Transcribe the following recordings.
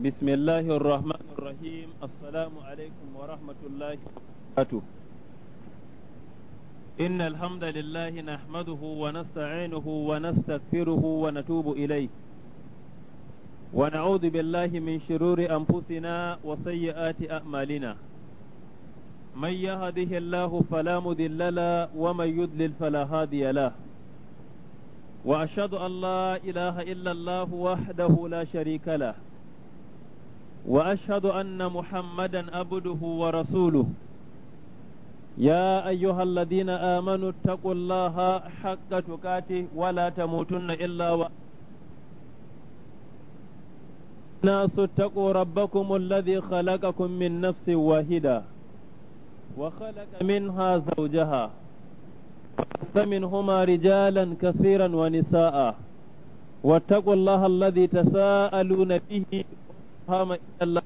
بسم الله الرحمن الرحيم السلام عليكم ورحمة الله وبركاته إن الحمد لله نحمده ونستعينه ونستغفره ونتوب إليه ونعوذ بالله من شرور أنفسنا وسيئات أعمالنا من يهده الله فلا مضل له ومن يضلل فلا هادي له وأشهد أن لا إله إلا الله وحده لا شريك له واشهد ان محمدا عبده ورسوله يا ايها الذين امنوا اتقوا الله حق تقاته ولا تموتن الا و الناس اتقوا ربكم الذي خلقكم من نفس واحده وخلق منها زوجها فمنهما رجالا كثيرا ونساء واتقوا الله الذي تساءلون به الأوهام إلا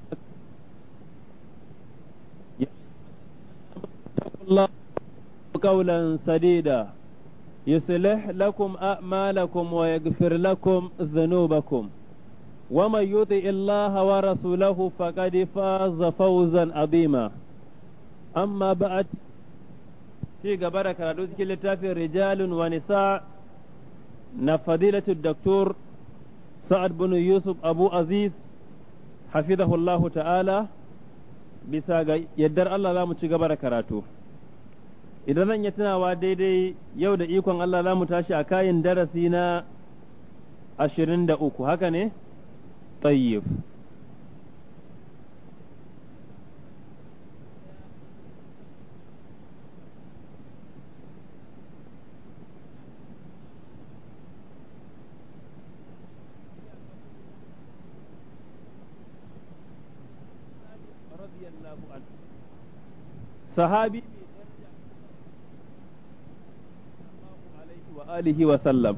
الله الله قولا سديدا يصلح لكم أعمالكم ويغفر لكم ذنوبكم ومن يطع الله ورسوله فقد فاز فوزا عظيما أما بعد في قبر كرادوس كلتا رجال ونساء نفضيلة الدكتور سعد بن يوسف أبو عزيز hafizahullahu ta'ala bisa ga yaddar Allah za mu ci gaba da karatu idan zan yi tunawa daidai yau da ikon Allah za mu tashi a kayan darasi na ashirin da uku haka ne tayyib sahabi wa alihi wa sallam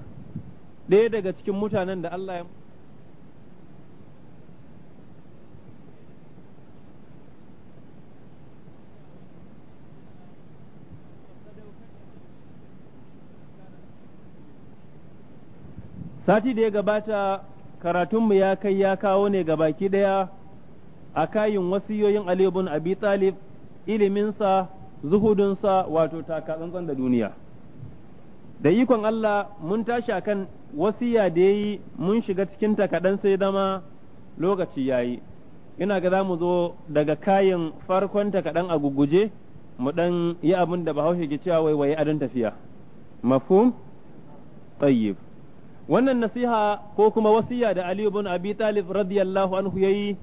ɗaya daga cikin mutanen da Allah ya sati da ya gabata karatunmu ya kai ya kawo ne ga baki ɗaya a kayin wasiyoyin Ali ibn Abi Talib iliminsa zuhudunsa wato takatsantsan da duniya da ikon Allah mun tashi akan wasiya da ya yi mun shiga cikin takadan sai dama lokaci ya yi ina ga za mu zo daga kayan farkon takadan a guguje mu ɗan yi abin da bahaushe ke cewa waiwaye adon tafiya mafhum tayyib wannan nasiha ko kuma wasiya da Ali ibn Abi Talib radiyallahu anhu yayi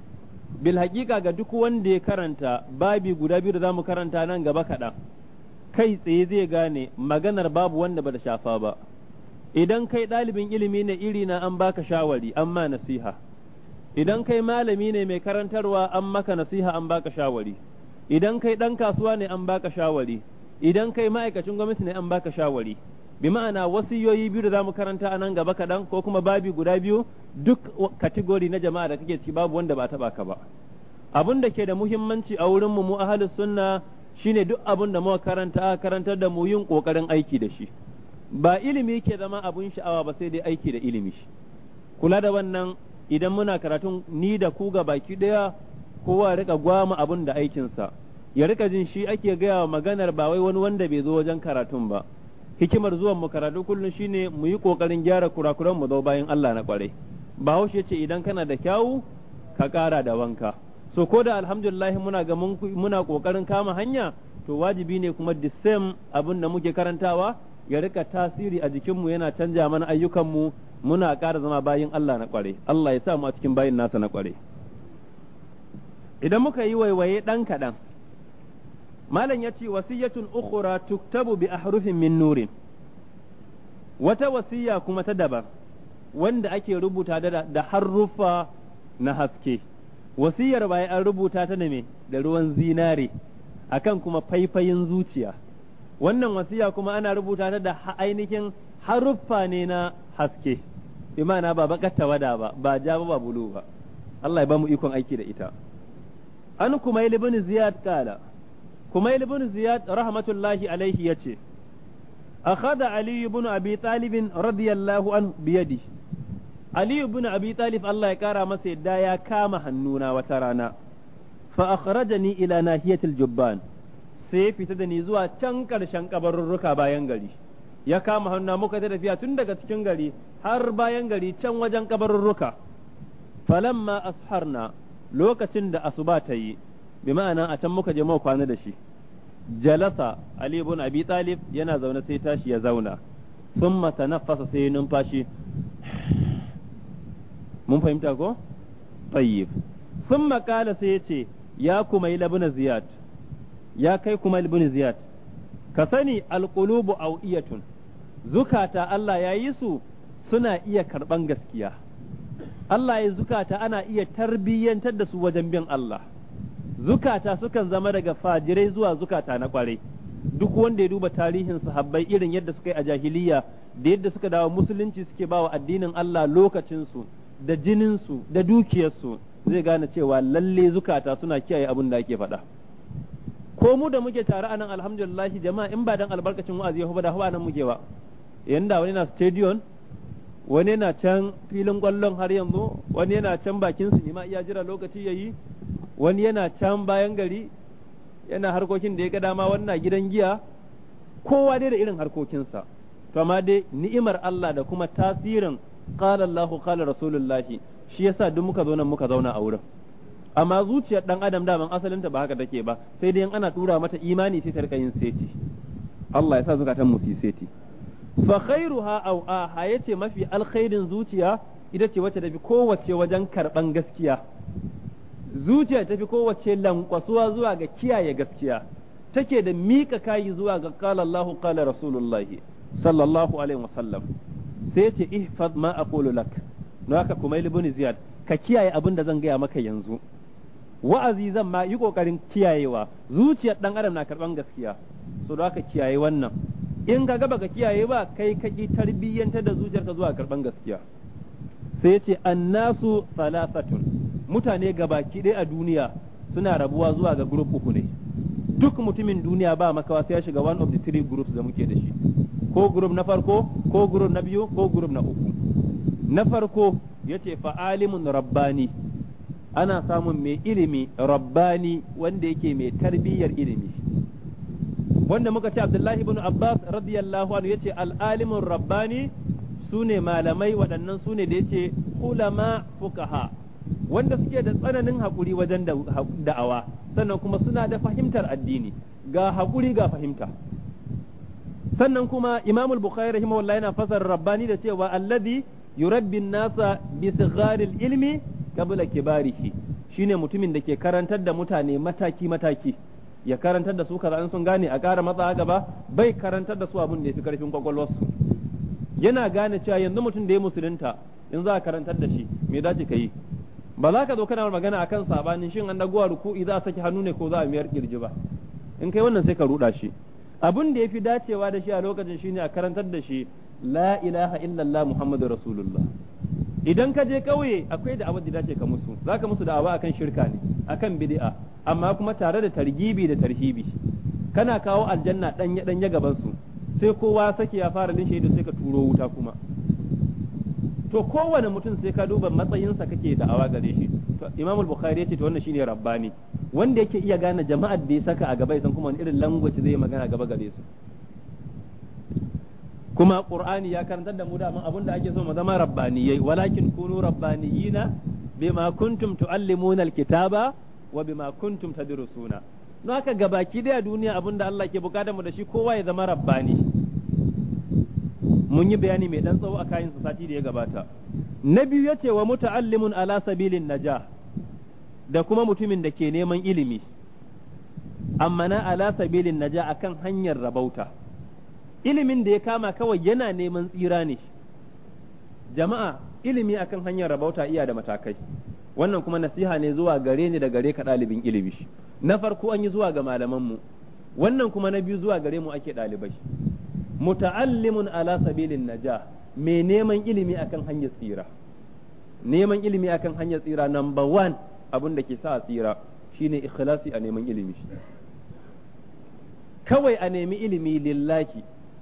bil haƙiƙa ga duk wanda ya karanta babi guda biyu da zamu karanta nan gaba kaɗan kai tsaye zai gane maganar babu wanda ba da shafa ba idan kai ɗalibin ilimi ne iri na an baka shawari an ma nasiha idan kai malami ne mai karantarwa an maka nasiha an baka shawari idan kai ɗan kasuwa ne an baka shawari idan kai ma'aikacin gwamnati ne an baka shawari bi ma'ana wasiyoyi biyu da zamu karanta a nan gaba kaɗan ko kuma babi guda biyu duk kategori na jama'a da kake ciki babu wanda ba taɓa ka ba abun da ke da muhimmanci a wurin mu mu ahlus sunna shine duk abun da muka karanta karantar da mu yin kokarin aiki da shi ba ilimi ke zama abun sha'awa ba sai dai aiki da ilimi kula da wannan idan muna karatun ni da ku ga baki daya kowa rika gwama abun da aikinsa ya rika jin shi ake gaya wa maganar ba wai wani wanda bai zo wajen karatun ba hikimar zuwan mu karatu kullum shine mu yi kokarin gyara kurakuran mu zo bayan Allah na kwarai bahaushe ce idan kana da kyawu ka kara da wanka so ko da alhamdulillah muna ga muna kokarin kama hanya to wajibi ne kuma the same abin da muke karantawa ya rika tasiri a jikinmu yana canja mana ayyukan mu muna kara zama bayin Allah na kware Allah ya sa mu a cikin bayin nasa na kware idan muka yi waiwaye dan kaɗan malam ya yace wasiyatun ukhra tuktabu bi ahrufin min nurin wata wasiyya kuma ta daban wanda ake rubuta da haruffa na haske wasiyyar bai an rubuta ta ne da ruwan zinare akan kuma faifayin zuciya wannan wasiyya kuma ana rubuta ta da ainihin haruffa ne na haske bi ba bakar wada ba ba ja ba bulu ba Allah ya ba mu ikon aiki da ita an kuma ibn ziyad kala kuma ibn ziyad rahmatullahi alaihi yace akhadha ali ibn abi talib radiyallahu anhu biyadi ali ibn abi talib Allah ya kara masa yadda ya kama hannuna wata rana fa akhrajani ila nahiyatil jubban sai fita da ni zuwa can karshen kabarurruka bayan gari ya kama hannu muka ta tafiya tun daga cikin gari har bayan gari can wajen kabarurruka falamma asharna lokacin da asuba ta yi bi ma'ana a can muka je muka kwana da shi jalasa ali ibn abi talib yana zaune sai tashi ya zauna thumma tanaffasa sai numfashi mun fahimta ko tayyib thumma qala sai yace ya kuma ibn ziyad ya kai kuma ibn ziyad ka sani alqulubu awiyatun zukata Allah ya yi su suna iya karban gaskiya Allah ya zukata ana iya tarbiyyantar da su wajen bin Allah zukata sukan zama daga fajirai zuwa zukata na kwarai duk wanda ya duba tarihin sahabbai irin yadda suka yi a jahiliya da yadda suka dawo musulunci suke bawa addinin Allah lokacinsu da jininsu da dukiyarsu zai gane cewa lalle zukata suna kiyaye abin da ake faɗa ko mu da muke tare anan alhamdulillah jama'a in ba dan albarkacin wa'azi ya da hawa nan muke ba yanda wani na stadium wani yana can filin kwallon har yanzu wani yana can bakin sinima iya jira lokaci yayi wani yana can bayan gari yana harkokin da ya ga dama wannan gidan giya kowa dai da irin harkokinsa to amma dai ni'imar Allah da kuma tasirin qala Allah qala rasulullahi shi yasa duk muka zo nan muka zauna a wurin amma zuciyar dan adam daman asalinta ba haka take ba sai dai ana tura mata imani sai ta rika yin seti Allah yasa sa zukatan mu seti fa khairuha aw aha yace mafi alkhairin zuciya ita ce wacce da bi kowace wajen karban gaskiya zuciya ta fi kowace lankwasuwa zuwa ga kiyaye gaskiya take da mika kayi zuwa ga qala Allahu qala sallallahu alaihi wasallam sai yace ihfaz ma aqulu lak na haka kuma ibn ziyad ka kiyaye abin da zan gaya maka yanzu wa'azi zan ma yi kokarin kiyayewa zuciyar dan adam na karban gaskiya so da haka kiyaye wannan in ka gaba ka kiyaye ba kai ka ki tarbiyyanta da zuciyarka zuwa karban gaskiya sai yace annasu salafatun mutane gabaki ɗaya a duniya suna rabuwa zuwa ga group uku ne duk mutumin duniya ba makawa sai ya shiga one of the three groups da muke da shi ko group na farko ko group na biyu ko group na uku na farko yace fa alimun rabbani ana samun mai ilimi rabbani wanda yake mai tarbiyyar ilimi wanda muka ce abdullahi ibn abbas radiyallahu anhu yace al-alimun rabbani sune malamai waɗannan sune da yace ulama fukaha wanda suke da tsananin haƙuri wajen da'awa sannan kuma suna da fahimtar addini ga haƙuri ga fahimta sannan kuma imamul bukhari rahimahullah yana fasar rabbani da cewa alladhi yurabbi nasa bi sigharil ilmi qabla kibarihi shine mutumin da ke karantar da mutane mataki mataki ya karantar da su kaza an sun gane a ƙara matsa gaba bai karantar da su abun da yafi karfin kwakwalwarsu yana gane cewa yanzu mutum da ya musulunta in za a karantar da shi me dace ka yi ba za ka zo kana magana akan sabanin shin an dagowa ruku'i za a saki hannu ne ko za a miyar kirji ba in kai wannan sai ka ruɗa shi abin da ya fi dacewa da shi a lokacin shine a karantar da shi la ilaha illallah muhammadu rasulullah idan ka je kauye akwai da abin da dace ka musu za ka musu da'awa akan shirka ne akan bid'a amma kuma tare da targibi da tarhibi kana kawo aljanna ɗanye ɗanye gaban su sai kowa saki ya fara lin shaidu sai ka turo wuta kuma to kowane mutum sai ka duba matsayinsa kake da'awa gare shi to Imam Bukhari ya ce to wannan shine rabbani wanda yake iya gane jama'ar da ya saka a gaba san kuma wani irin language zai magana gaba gare su kuma Qur'ani ya karantar da mu da abin da ake so mu zama rabbaniyai walakin kunu rabbaniyina bima kuntum tuallimuna alkitaba wa bima kuntum tadrusuna don haka gabaki daya duniya abin da Allah ke bukatar mu da shi kowa ya zama rabbani mun yi bayani mai dan tsawo a kayan sati da ya gabata na biyu yace wa muta'allimun ala sabilin najah da kuma mutumin da ke neman ilimi amma na ala sabilin naja akan hanyar rabauta ilimin da ya kama kawai yana neman tsira ne jama'a ilimi akan hanyar rabauta iya da matakai wannan kuma nasiha ne zuwa gare ni da gare ka ɗalibin ilimi na farko an yi zuwa ga malaman mu wannan kuma na biyu zuwa gare mu ake ɗalibai muta'allimun ala sabilin najah mai neman ilimi akan hanyar tsira neman ilimi akan hanyar tsira number one abin da ke sa a tsira shine ikhlasi a neman ilimi kawai a nemi ilimi lillahi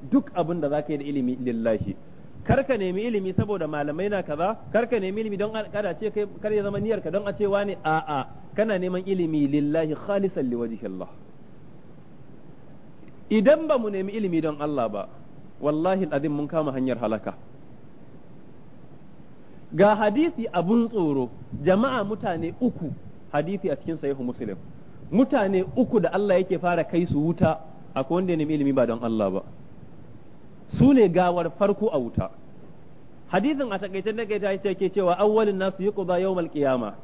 duk abin da zaka yi da ilimi lillahi karka nemi ilimi saboda malamai na kaza karka nemi ilimi don kada ce kai kar ya zama niyyarka don a ce wani a'a kana neman ilimi lillahi khalisan liwajhi Allah idan ba mu nemi ilimi don Allah ba wallahi l'adin mun kama hanyar halaka ga hadisi abun tsoro jama'a mutane uku hadisi a cikin sahihu muslim mutane uku da Allah yake fara kai su wuta akwai wanda ya nemi ilimi ba don Allah ba su ne gawar farko a wuta hadisin a takaitar da gaita yace ke cewa awwalin nasu yuqda yawmal qiyama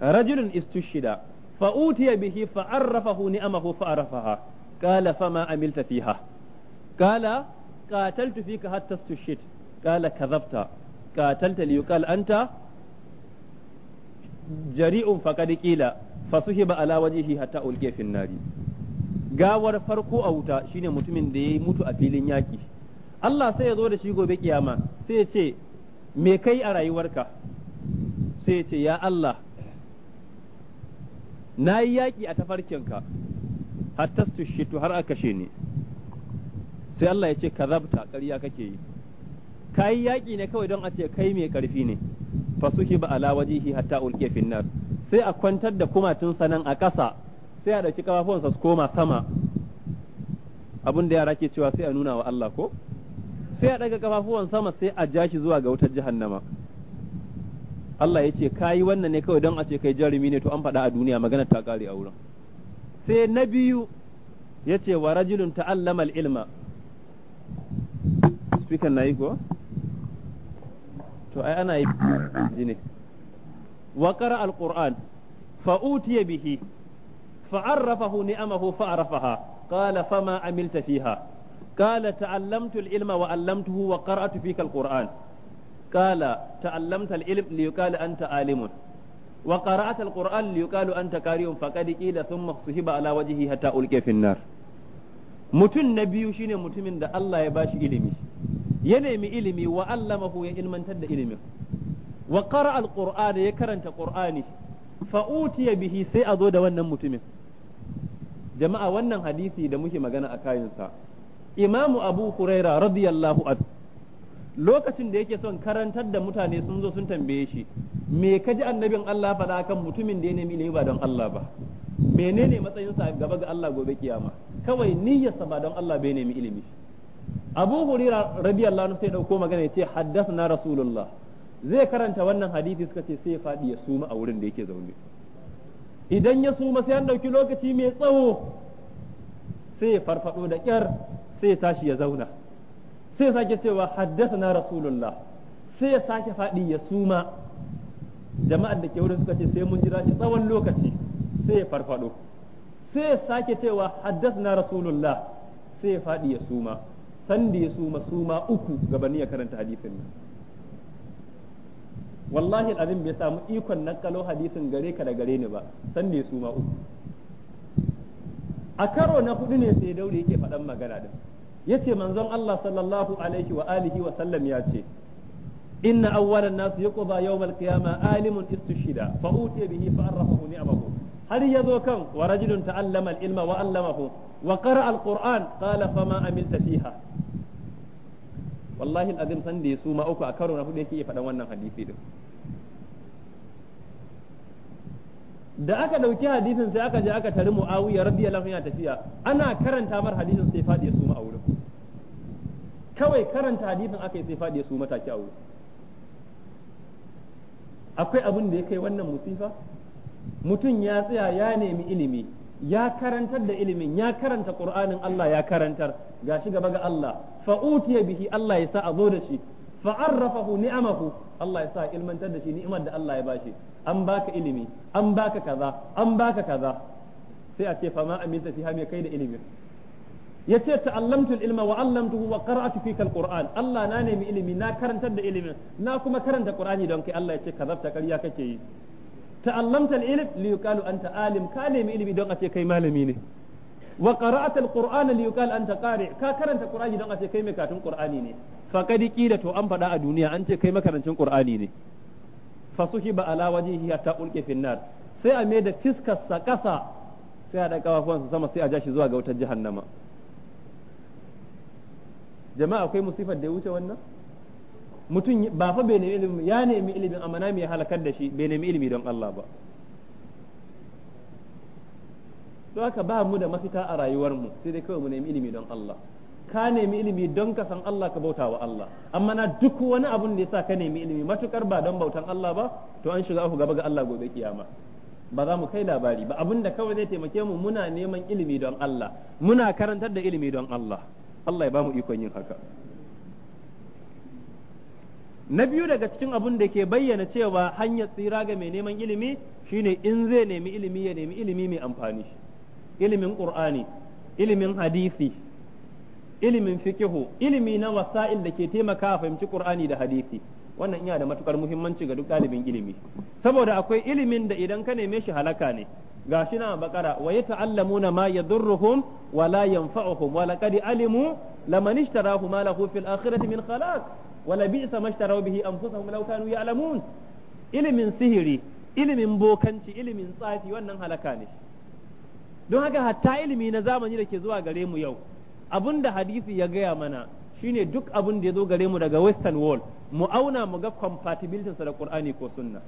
rajulun istushida fa utiya bihi fa arrafahu ni'amahu fa arafaha قال فما عملت فيها قال قاتلت فيك حتى استشهد قال كذبت قاتلت ليقال أنت جريء فقد قيل فصهب على وجهه حتى ألقي في النار gawar farko a wuta shine mutumin da ya mutu a filin yaki. Allah sai ya zo da shi gobe kiyama sai ya ce me kai a rayuwarka sai ya ce ya Allah na yi yaƙi a tafarkinka hatta shitu har aka shi ni sai Allah ya ce ka zabta ƙarya kake yi yi yaƙi ne kawai don a ce kai mai ƙarfi ne fasuhi ba ala wajihi hatta ulke finnar sai a kwantar da kumatun sanan a ƙasa sai a ɗauki kafafuwansa su koma sama abin da yara ke cewa sai a nuna wa Allah ko sai a ɗaga ƙafafuwan sama sai a ja shi zuwa ga wutar jahannama Allah ya ce kayi wannan ne kawai don a ce kai jarumi ne to an faɗa a duniya magana ta ƙare a wurin sai na biyu ya ce wa rajulun ta'allamal ilma speaker na yi ko to ai ana yi jini wa qara fa bihi fa'arrafahu ni'amahu fa qala fama amilta fiha qala ta'allamtu ilma wa 'allamtuhu wa qara'tu fika alquran qala ta'allamta alilm li yuqala anta alimun wa qara'at alquran li yuqalu anta qari'un faqad qila thumma suhiba ala wajhihi hatta ulqiya fi nar mutum na biyu shine mutumin da Allah ya bashi ilimi ya nemi ilimi wa allamahu ya ilmantar da ilimin wa qara'a alquran ya karanta ƙur'ani. fa utiya bihi sai a zo da wannan mutumin jama'a wannan hadisi da muke magana a kayansa imamu Abuhuraira huraira radiyallahu anhu lokacin da yake son karantar da mutane sun zo sun tambaye shi me ka ji annabin Allah faɗa kan mutumin da ya nemi ilimi ba don Allah ba menene matsayinsa gaba ga Allah gobe kiyama kawai niyyarsa ba don Allah bai nemi ilimi Abu Hurairah radiyallahu anhu sai dauko magana ya ce haddathna Rasulullah zai karanta wannan hadisi suka ce sai ya faɗi ya suma a wurin da yake zaune idan ya suma sai an dauki lokaci mai tsawo sai ya farfado da kyar sai ya tashi ya zauna sai sake cewa na rasulullah sai ya sake faɗi ya suma jama'ar da ke wurin suka ce sai mun jira shi tsawon lokaci sai ya farfado sai ya sake cewa na rasulullah sai ya faɗi ya suma sanda ya suma suma uku gabanin ya karanta hadisin nan wallahi abin bai samu ikon nakalo hadisin gare ka da gare ni ba sanda ya suma uku a karo na hudu ne sai daure yake faɗan magana din yace manzon Allah sallallahu alaihi wa alihi wa sallam ya ce inna awwalan nas yuqda yawm al-qiyama alimun istushida fa utiya bihi fa arrafahu ni'amahu har yazo kan wa rajulun ta'allama al-ilma wa 'allamahu wa qara'a al-qur'an qala fama amilta fiha wallahi al-azim san da yasu ma uku a karo na hudu yake faɗan wannan hadisi din da aka ɗauki hadisin sai aka je aka tari mu'awiya radiyallahu anhu ya tafiya ana karanta mar hadisin sai faɗi su ma a wurin kawai karanta hadisin aka yi sai faɗi su mataki kyawu akwai abin da ya kai wannan musifa mutum ya tsaya ya nemi ilimi ya karantar da ilimin ya karanta qur'anin Allah ya karantar gashi gaba ga Allah fa utiya bihi Allah ya sa a zo da shi fa arrafahu ni'amahu Allah ya sa ilmantar da shi ni'imar da Allah ya bashi an baka ilimi an baka kaza an baka kaza sai a ce fa ma aminta fiha me kai da ilimin yace ta'allamtu al-ilma wa 'allamtuhu wa qara'tu fika al Allah na nemi ilimi na karantar da ilimin na kuma karanta Qur'ani don kai Allah yace kazabta ƙarya kake yi ta'allamta al-ilm li yuqalu anta alim ka nemi ilimi don a ce kai malami ne wa qara'ta al-Qur'ana li yuqalu anta qari ka karanta Qur'ani don a ce kai mai katun Qur'ani ne fa kadi qila to an faɗa a duniya an ce kai makarancin Qur'ani ne fa suhiba ala wajhihi hatta ulqi fi sai a mai da fiskar sa kasa sai a da kafafuwansa sama sai a ja shi zuwa ga wutar jahannama jama'a akwai musifar da ya wuce wannan mutum ba fa bai nemi ilimin ya nemi ilimin amma na mai halakar da shi bai nemi ilimi don Allah ba to haka ba mu da mafita a rayuwarmu sai dai kawai mu nemi ilimi don Allah ka nemi ilimi don ka san Allah ka bauta wa Allah amma na duk wani abun da yasa ka nemi ilimi matukar ba don bautan Allah ba to an shiga ku gaba ga Allah gobe kiyama ba za mu kai labari ba abun da kawai zai taimake mu muna neman ilimi don Allah muna karantar da ilimi don Allah Allah ya ba mu ikon yin haka na biyu daga cikin abin da ke bayyana cewa hanyar tsira ga mai neman ilimi shine in zai nemi ilimi ya nemi ilimi mai amfani ilimin ƙur'ani ilimin hadisi ilimin fikihu ilimi na wasa'in da ke taimaka fahimci ƙur'ani da hadisi wannan yana da matukar muhimmanci ga duk ɗalibin ilimi saboda akwai ilimin da idan ka neme shi halaka ne shi na bakara wa yata'allamuna ma yadurruhum wa la yanfa'uhum wa laqad alimu laman ishtarahu ma lahu fil akhirati min khalaq wa la bi'sa mashtaraw bihi anfusahum law kanu ya'lamun ilimin sihiri ilimin bokanci ilimin tsafi wannan halaka ne don haka hatta ilimi na zamani da ke zuwa gare mu yau abinda hadisi ya gaya mana shine duk abin da ya zo gare mu daga western world mu auna mu ga compatibility da qur'ani ko sunna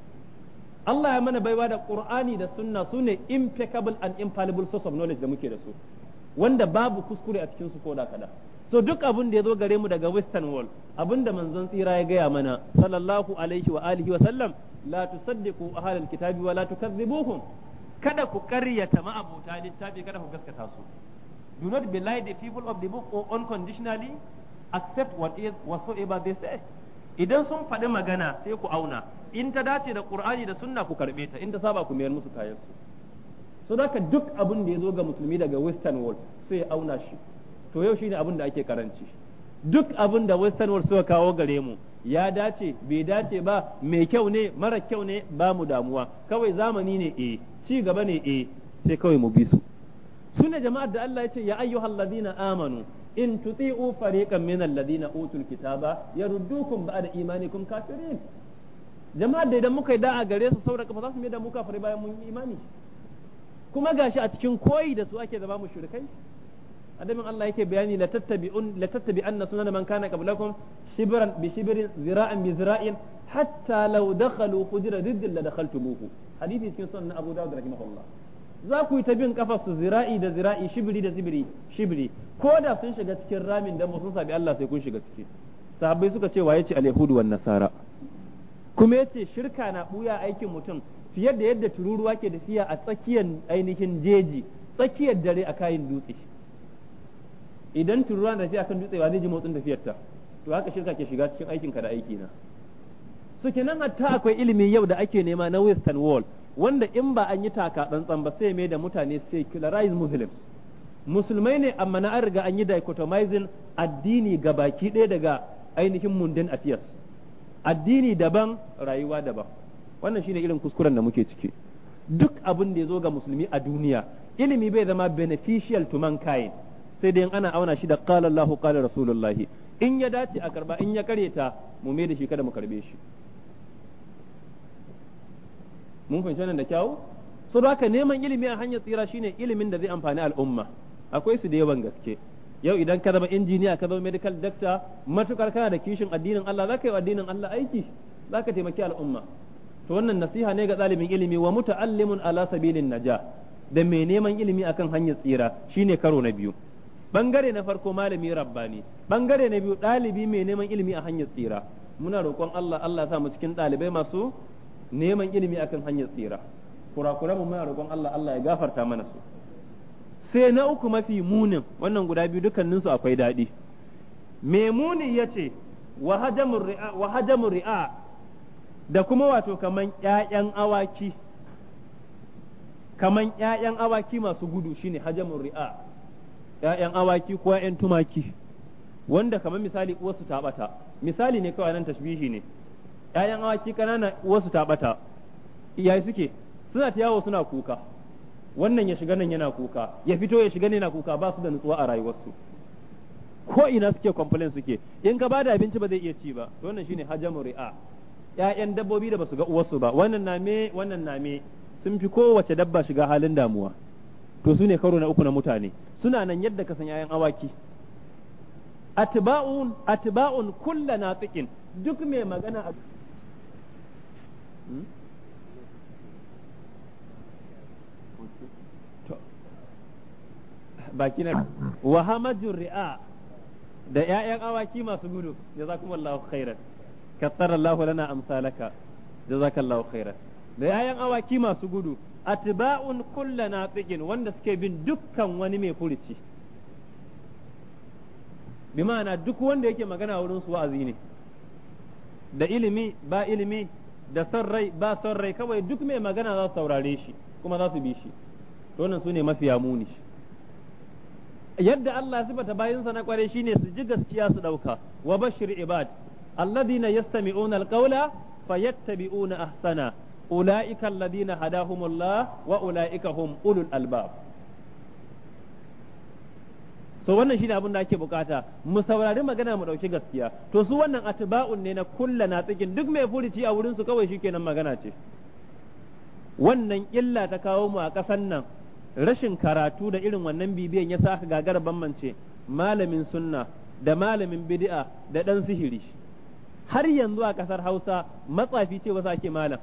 Allah ya mana baiwa da Qur'ani da sunna su ne impeccable and infallible source of knowledge da muke da su wanda babu kuskure a cikin su ko da kada so duk abin da ya zo gare mu daga western world abin da manzon tsira ya gaya mana sallallahu alaihi wa alihi wa sallam la tusaddiqu ahlal kitabi wa la tukazzibuhum kada ku karyata ma'abuta littafi kada ku gaskata su do not belie the people of the book or unconditionally accept what is whatsoever they say idan sun faɗi magana sai ku auna in ta dace da ƙur'ani da sunna ku karɓe ta in ta saba ku mayar musu kayan su so haka duk abin da ya zo ga musulmi daga western world sai auna shi to yau shine abin da ake karanci duk abin da western world suka kawo gare mu ya dace bai dace ba mai kyau ne mara kyau ne ba mu damuwa kawai zamani ne eh ci gaba ne eh sai kawai mu bi su sunna jama'ar da Allah ya ce ya ayyuhallazina amanu in tuti'u fariqan min alladhina utul kitaba yaruddukum ba'da imanikum kafirin jama'a da idan muka yi da'a gare su saboda kafa za su da mu kafir bayan mun yi imani kuma gashi a cikin koyi da su ake zama mushrikai adamin Allah yake bayani la tattabi'un la tattabi'anna sunana man kana qablakum shibran bi shibrin zira'an bi zira'in hatta law dakhalu hujra riddin la dakhaltumuhu hadisi cikin sunan Abu Dawud rahimahullah za ku yi ta bin kafar su zira'i da zira'i shibiri da shibiri shibiri ko da sun shiga cikin ramin da sun sabi Allah sai kun shiga ciki sahabbai suka ce waye ce al wan nasara kuma yace shirka na buya aikin mutum fiye da yadda tururuwa ke tafiya a tsakiyar ainihin jeji tsakiyar dare a kayan dutse idan tururuwa na tafiya kan dutse wa zai ji motsin tafiyar ta to haka shirka ke shiga cikin aikin ka da aiki na so kenan hatta akwai ilimi yau da ake nema na western world wanda in ba an yi taka tsantsan ba sai mai da mutane secularize muslims musulmai ne amma na an riga an yi dichotomizing addini ga baki ɗaya daga ainihin mundin atiyas addini daban rayuwa daban wannan shine irin kuskuren da muke ciki duk abin da ya zo ga musulmi a duniya ilimi bai zama beneficial to mankind sai dai ana auna shi da qala Allahu qala rasulullahi in ya dace a karba in ya kareta mu mai da shi kada mu karbe shi mun fahimci wannan da kyau so haka neman ilimi a hanyar tsira shine ilimin da zai amfani al'umma akwai su da yawan gaske yau idan ka zama injiniya ka zama medical doctor matukar kana da kishin addinin Allah zaka yi addinin Allah aiki zaka taimaki al'umma to wannan nasiha ne ga ɗalibin ilimi wa muta'allimun ala sabilin naja da mai neman ilimi akan hanyar tsira shine karo na biyu bangare na farko malami rabbani bangare na biyu ɗalibi mai neman ilimi a hanyar tsira muna roƙon Allah Allah sa mu cikin ɗalibai masu neman ilimi akan hanyar tsira kurakuran mu muna roƙon Allah Allah ya gafarta mana su sai na uku mafi munin wannan guda biyu dukkaninsu akwai daɗi mai muni ya ce wa hadamu ri'a da kuma wato kaman ƴaƴan awaki kaman ƴaƴan awaki masu gudu shine hajamun ri'a ƴaƴan awaki ko ƴaƴan tumaki wanda kaman misali uwarsu ta bata misali ne kawai nan tashbihi ne Ya'yan awaki kanana wasu ta bata iyaye suke suna ta yawo suna kuka wannan ya shiga nan yana kuka ya fito ya shiga nan yana kuka ba su da nutsuwa a rayuwarsu ko ina suke complain suke in ka bada abinci ba zai iya ci ba to wannan shine hajamu ri'a ƴaƴan dabbobi da basu ga uwarsu ba wannan na me wannan na me sun fi kowace dabba shiga halin damuwa to su ne karo na uku na mutane suna nan yadda ka san ƴaƴan awaki atba'un atba'un kullana tsikin duk mai magana a Hmm? baki na wa hamajur ri'a da ƴaƴan awaki masu gudu jazakumullahu khairan kattara Allahu lana amsalaka jazakallahu khairan da ƴaƴan awaki masu gudu atba'un na natiqin wanda suke bin dukkan wani mai furuci bi ma'ana duk wanda yake magana wurin su wa'azi ne da ilimi ba ilimi da son rai ba son rai kawai duk mai magana za su saurare shi kuma za su bi shi to wannan sune mafiya muni yadda Allah sifata bayinsa na kware shine su ji gaskiya su dauka wa bashir ibad alladhina yastami'una alqawla fayattabi'una ahsana ulaika alladhina hadahumullah wa ulaika hum ulul albab so wannan shine abin da ake bukata mu saurari magana mu dauki gaskiya to su wannan atba'un ne na kulla na tsikin duk mai furuci a wurin su kawai shikenan magana ce wannan illa ta kawo mu a kasan nan rashin karatu da irin wannan bibiyan ya sa aka gagara bambance malamin sunna da malamin bid'a da dan sihiri har yanzu a kasar Hausa matsafi ce wasu ake malam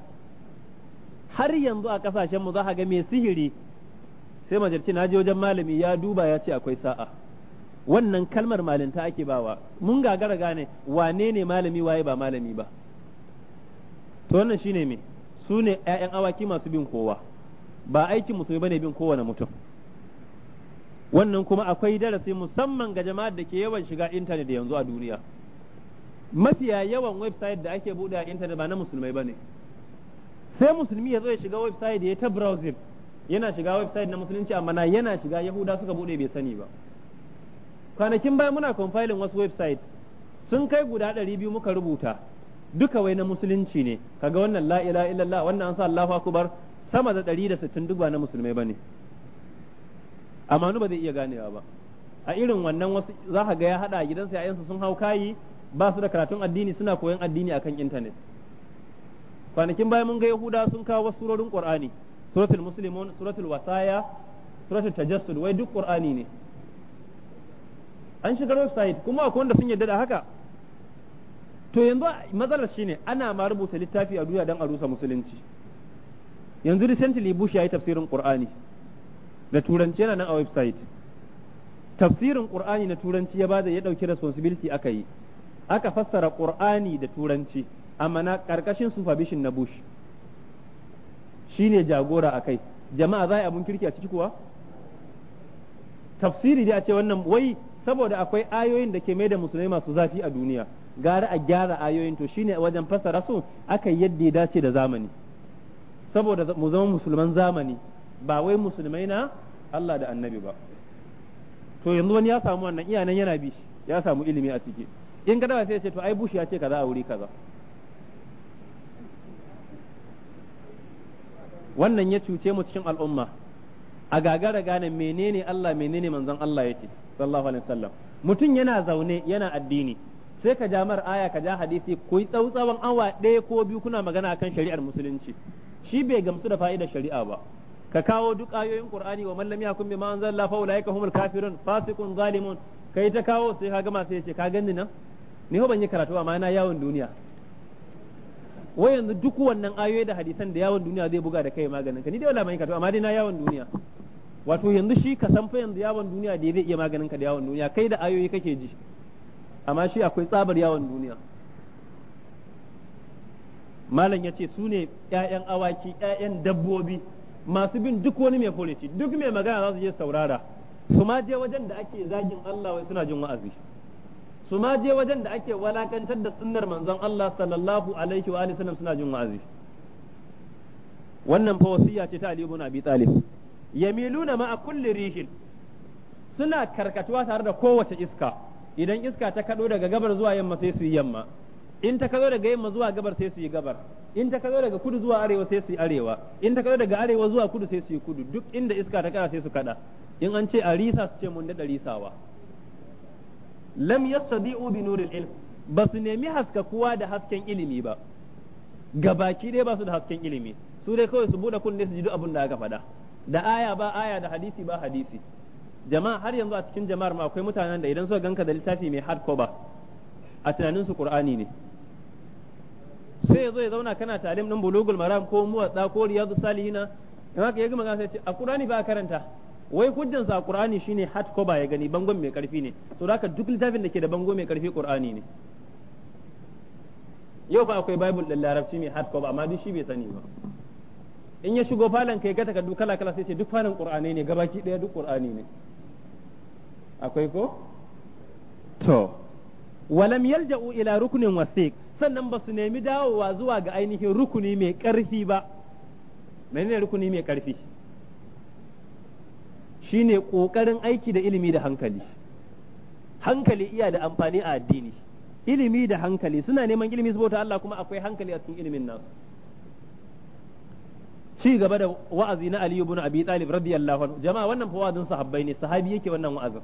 har yanzu a kasashen mu za ka ga mai sihiri sai majalci na je wajen malami ya duba ya ce akwai sa'a wannan kalmar malinta ake bawa mun gagara gane wane ne malami waye ba malami ba to wannan shine me su ne 'ya'yan awaki masu bin kowa ba aikin mutum ba ne bin kowane mutum wannan kuma akwai darasi musamman ga jama'ar da ke yawan shiga intanet yanzu a duniya mafiya yawan website da ake buɗe a intanet ba na musulmai ba ne sai musulmi ya zo ya shiga website ya ta browsing yana shiga website na musulunci amma na yana shiga yahuda suka buɗe bai sani ba kwanakin baya muna compiling wasu website sun kai guda ɗari biyu muka rubuta duka wai na musulunci ne kaga wannan la illallah wannan an sa Allahu akbar sama da ɗari da sittin duk ba na musulmai bane amma ba zai iya ganewa ba a irin wannan wasu za ka ga ya a gidansa yayansu sun hau kayi ba su da karatun addini suna koyon addini akan intanet kwanakin baya mun ga yahuda sun kawo wasu surorin qur'ani suratul muslimun suratul wasaya suratul tajassud wai duk qur'ani ne an shigar website kuma akwai wanda sun yarda da haka to yanzu matsalar shine ana ma rubuta littafi a duniya don a rusa musulunci yanzu recently bush ya yi tafsirin qur'ani da turanci yana nan a website tafsirin qur'ani na turanci ya bada ya dauki responsibility aka yi aka fassara qur'ani da turanci amma na karkashin supervision na bush shine jagora akai jama'a za a abun kirki a ciki kuwa tafsiri dai a ce wannan wai saboda akwai ayoyin da ke mai da musulmai masu zafi a duniya gara a gyara ayoyin to shine wajen fasara su aka yadda ya dace da zamani saboda mu zama musulman zamani ba wai musulmai na Allah da annabi ba to yanzu wani ya samu wannan iyanan yana bi ya samu ilimi a ciki in ka dawa sai ce to ai bushi ya ce kaza a wuri kaza wannan ya cuce mu cikin al'umma a gagara gane menene Allah menene manzon Allah yake sallallahu alaihi wasallam mutum yana zaune yana addini sai ka ja mar aya ka ja hadisi ku yi tsautsawan awa ɗaya ko biyu kuna magana akan shari'ar musulunci shi bai gamsu da fa'idar shari'a ba ka kawo duk ayoyin qur'ani wa man lam yakum bima anzalla fa ulaika humul kafirun fasiqun zalimun kai ta kawo sai ka gama sai ya ce ka ganni nan ni ban yi karatu amma na yawon duniya wai yanzu duk wannan ayoyi da hadisan da yawon duniya zai buga da kai maganin ka ni dai wala yi karatu amma dai na yawon duniya wato yanzu shi ka san fa yanzu yawon duniya da zai iya maganin ka da yawon duniya kai da ayoyi kake ji amma shi akwai tsabar yawon duniya malam ya ce su ne 'ya'yan awaki 'ya'yan dabbobi masu bin duk wani mai polici duk mai magana za su je saurara su ma je wajen da ake zagin Allah wai suna jin wa'azi su ma je wajen da ake walakantar da sunnar manzon Allah sallallahu alaihi wa alihi suna jin wa'azi wannan fa wasiya ce ta Ali ibn Abi Talib yamiluna a kulli rihin suna karkatuwa tare da kowace iska idan iska ta kado daga gabar zuwa yamma sai su yi yamma in ta kado daga yamma zuwa gabar sai su yi gabar in ta kado daga kudu zuwa arewa sai su yi arewa in ta kado daga arewa zuwa kudu sai su yi kudu duk inda iska ta kada sai su kada in an ce a risa su ce mun daɗa risawa lam yastadi'u bi nuril ilm ba su nemi haskakuwa da hasken ilimi ba gabaki dai ba su da hasken ilimi su dai kawai su bude kunne su ji duk abin da aka faɗa da aya ba aya da hadisi ba hadisi jama'a har yanzu a cikin jama'ar ma akwai mutanen da idan suka ganka da littafi mai hard cover a tunanin su qur'ani ne sai yazo ya zauna kana talim din bulugul maram ko muwadda ko riyadu salihina in haka ya gama gasa ya ce a qur'ani ba karanta wai hujjan sa qur'ani shine hard cover ya gani bangon mai karfi ne to haka duk littafin da ke da bango mai karfi qur'ani ne yau fa akwai bible din larabci mai hard cover amma duk shi bai sani ba in ya shigo falon kai ga takardu kala kala sai ce duk falon qur'ani ne gabaki daya duk qur'ani ne akwai ko to walam yalja'u ila rukunin wasiq sannan ba su nemi dawowa zuwa ga ainihin rukuni mai karfi ba menene rukuni mai karfi shine kokarin aiki da ilimi da hankali hankali iya da amfani a addini ilimi da hankali suna neman ilimi saboda Allah kuma akwai hankali a cikin ilimin nasu ci gaba da wa'azi na Ali ibn Abi Talib radiyallahu anhu jama'a wannan fa wa'azin sahabbai ne sahabi yake wannan wa'azin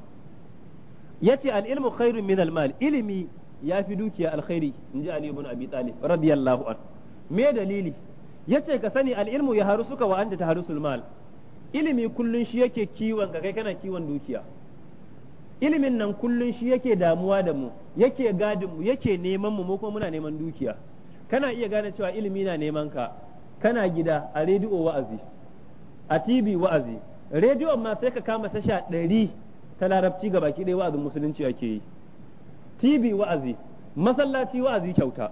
yace al ilmu khairun min al mal ilimi ya fi dukiya alkhairi inji Ali ibn Abi Talib radiyallahu anhu me dalili yace ka sani al ilmu ya haru suka wa anta taharusul mal ilimi kullun shi yake kiwon ka kai kana kiwon dukiya ilimin nan kullun shi yake damuwa da mu yake gadin mu yake neman mu mu kuma muna neman dukiya kana iya gane cewa ilimi na neman ka kana gida a rediyo wa'azi a tv wa'azi rediyon ma sai ka kama tasha ɗari ta larabci ga baki ɗaya wa'azin musulunci ake yi tv wa'azi masallaci wa'azi kyauta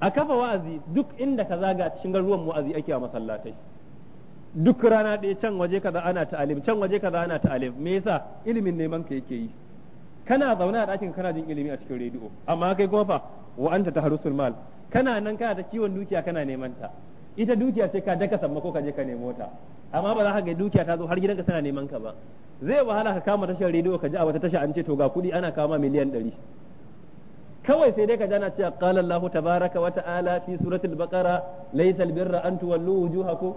a kafa wa'azi duk inda ka zaga cikin garuruwan wa'azi ake a masallatai duk rana ɗaya can waje kaza ana ta'alim can waje kaza ana ta'alim me yasa ilimin neman ka yake yi kana zaune a ɗakin kana jin ilimi a cikin rediyo amma kai kuma fa wa anta mal kana nan kana ta ciwon dukiya kana neman ta ita dukiya ce ka daka ko ka je ka nemo ta amma ba za ka ga dukiya ta zo har gidanka tana neman ka ba zai wahala ka kama tashar rediyo ka ji a wata tasha an ce to ga kuɗi ana kama miliyan ɗari kawai sai dai ka jana cewa qala Allahu tabaraka wa ta'ala fi suratul baqara laysal birra an tuwallu wujuhakum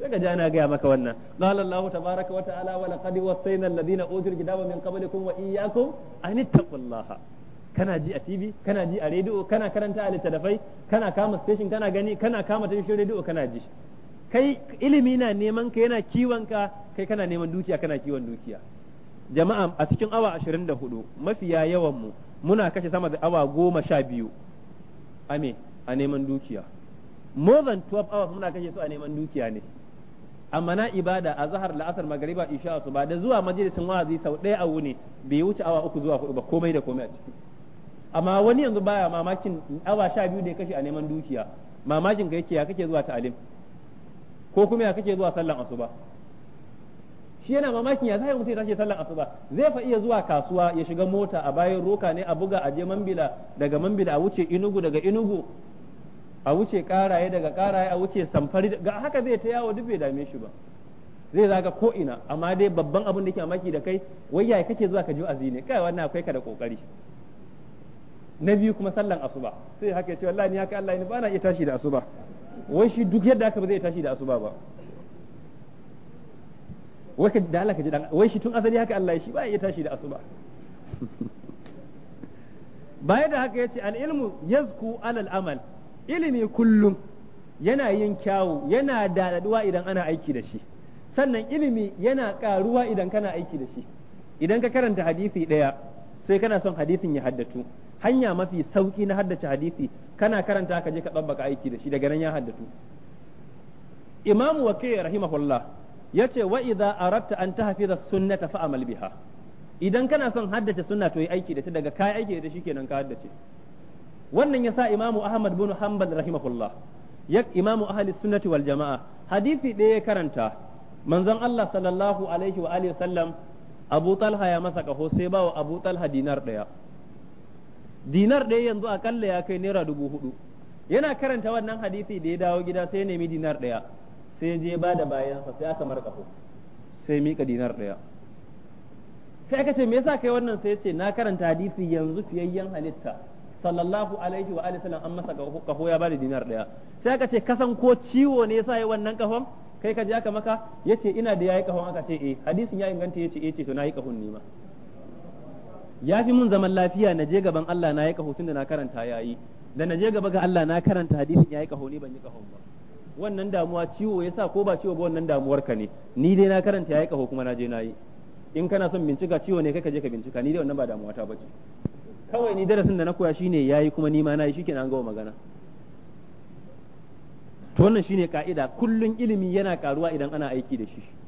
sai ka jana gaya maka wannan qala Allahu tabaraka wa ta'ala wa laqad wasayna alladhina utul kitaba min qablikum wa iyyakum an ittaqullaha kana ji a TV kana ji a rediyo kana karanta a littattafai kana kama station kana gani kana kama tashoshin rediyo kana ji kai ilimi na neman ka yana kiwon ka kai kana neman dukiya kana kiwon dukiya jama'a a cikin awa 24 mafiya yawan mu muna kashe sama da awa goma sha biyu ame a neman dukiya more than 12 hours muna kashe su a neman dukiya ne amma na ibada a zahar la'asar magariba isha su ba da zuwa majalisin wa'azi sau ɗaya a wuni bai wuce awa uku zuwa hudu ba komai da komai a ciki amma wani yanzu baya mamakin awa sha biyu da ya kashe a neman dukiya mamakin ka yake ya kake zuwa ta'alim ko kuma ya kake zuwa sallan asuba shi yana mamakin ya zai mutu ya tashi sallan asuba zai fa iya zuwa kasuwa ya shiga mota a bayan roka ne a buga a je mambila daga mambila a wuce inugu daga inugu a wuce karaye daga karaye a wuce samfari ga haka zai ta yawo duk bai dame shi ba zai zaga ko ina amma dai babban abin da ke mamaki da kai wai ya kake zuwa ka ji azini kai wannan akwai ka da kokari na biyu kuma sallan asuba sai haka ce wallahi ni haka Allah ni ba na iya tashi da asuba wai shi duk yadda haka ba zai tashi da asuba ba wai ka da Allah ka ji dan wai shi tun asali haka Allah shi ba ya iya tashi da asuba baya da haka yace al ilmu yazku alal amal ilimi kullum yana yin kyawu yana dadaduwa idan ana aiki da shi sannan ilimi yana karuwa idan kana aiki da shi idan ka karanta hadisi daya sai kana son hadisin ya haddatu hanya mafi sauki na haddace hadisi kana karanta ka je ka tsabbaka aiki da shi daga nan ya haddatu imam waqi rahimahullah yace wa idza aratta an tahfiza sunnata biha idan kana son haddace sunna to yi aiki da ta daga kai aiki da kenan ka haddace wannan yasa imam ahmad bin hanbal rahimahullah ya imamu ahli sunnati wal jama'a hadisi ɗaya karanta manzon Allah sallallahu alaihi wa alihi sallam Abu Talha ya masa kaho sai bawa Abu Talha dinar ɗaya dinar ɗaya yanzu akalla ya kai naira dubu hudu yana karanta wannan hadisi da ya dawo gida sai nemi dinar ɗaya sai je ba da bayansa sai aka markafo sai mika dinar ɗaya sai aka ce me yasa kai wannan sai ce na karanta hadisi yanzu fiyayyen halitta sallallahu alaihi wa alihi an masa kaho ya bada dinar ɗaya sai aka ce kasan ko ciwo ne yasa yi wannan kahon kai ka je aka maka yace ina da yayi kahon aka ce eh hadisin ya inganta yace eh ce to nayi kahon ne ma ya fi mun zaman lafiya na je gaban Allah na yi kaho tun da na karanta ya yi da na je gaba ga Allah na karanta hadisin yi kaho ne ban yi kaho ba wannan damuwa ciwo yasa ko ba ciwo ba wannan damuwar ka ne ni dai na karanta ya yi kaho kuma na je na yi in kana son bincika ciwo ne kai ka je ka bincika ni dai wannan ba damuwa ta bace kawai ni darasin da na koya shine yayi kuma ni ma na yi shikenan an gama magana to wannan shine ka'ida kullun ilimi yana karuwa idan ana aiki da shi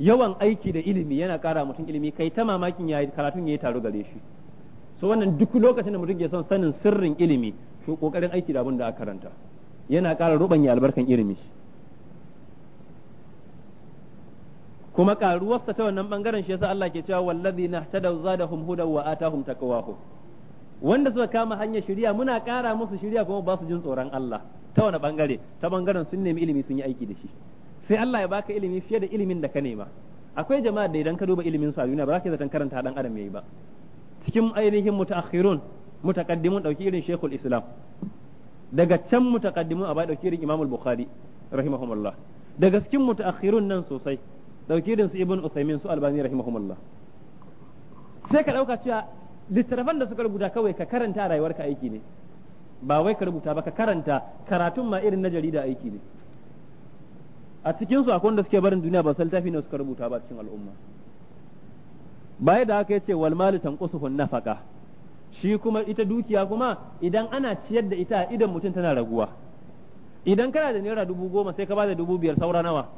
yawan aiki da ilimi yana kara mutum ilimi kai ta mamakin yayi karatun yayi taro gare shi so wannan duk lokacin da mutum ke son sanin sirrin ilimi to kokarin aiki da abin da aka karanta yana kara rubanya albarkan ilimi kuma karuwarsa ta wannan bangaren shi yasa Allah ke cewa wallazi nahtadaw zadahum huda wa atahum taqwahum wanda suka kama hanyar shari'a muna kara musu shari'a kuma ba su jin tsoron Allah ta wani bangare ta bangaren sun nemi ilimi sun yi aiki da shi sai Allah ya baka ilimi fiye da ilimin da ka nema akwai jama'a da idan ka duba ilimin su a duniya ba za ka zaton karanta dan adam yayi ba cikin ainihin mutaakhirun mutaqaddimun dauki irin Sheikhul Islam daga can mutaqaddimun a ba dauki irin Imam Bukhari rahimahumullah daga cikin mutaakhirun nan sosai dauki irin su Ibn Uthaymeen su Albani rahimahumullah sai ka dauka cewa littattafan da suka rubuta kawai ka karanta rayuwarka aiki ne ba wai ka rubuta ba ka karanta karatun ma irin na jarida aiki ne a cikin su akwai wanda suke barin duniya ba saltafi ne suka rubuta ba cikin al'umma baya da haka yace wal malu tanqusuhun nafaqa shi kuma ita dukiya kuma idan ana ciyar da ita idan mutum tana raguwa idan kana da naira dubu goma sai ka da dubu biyar saura nawa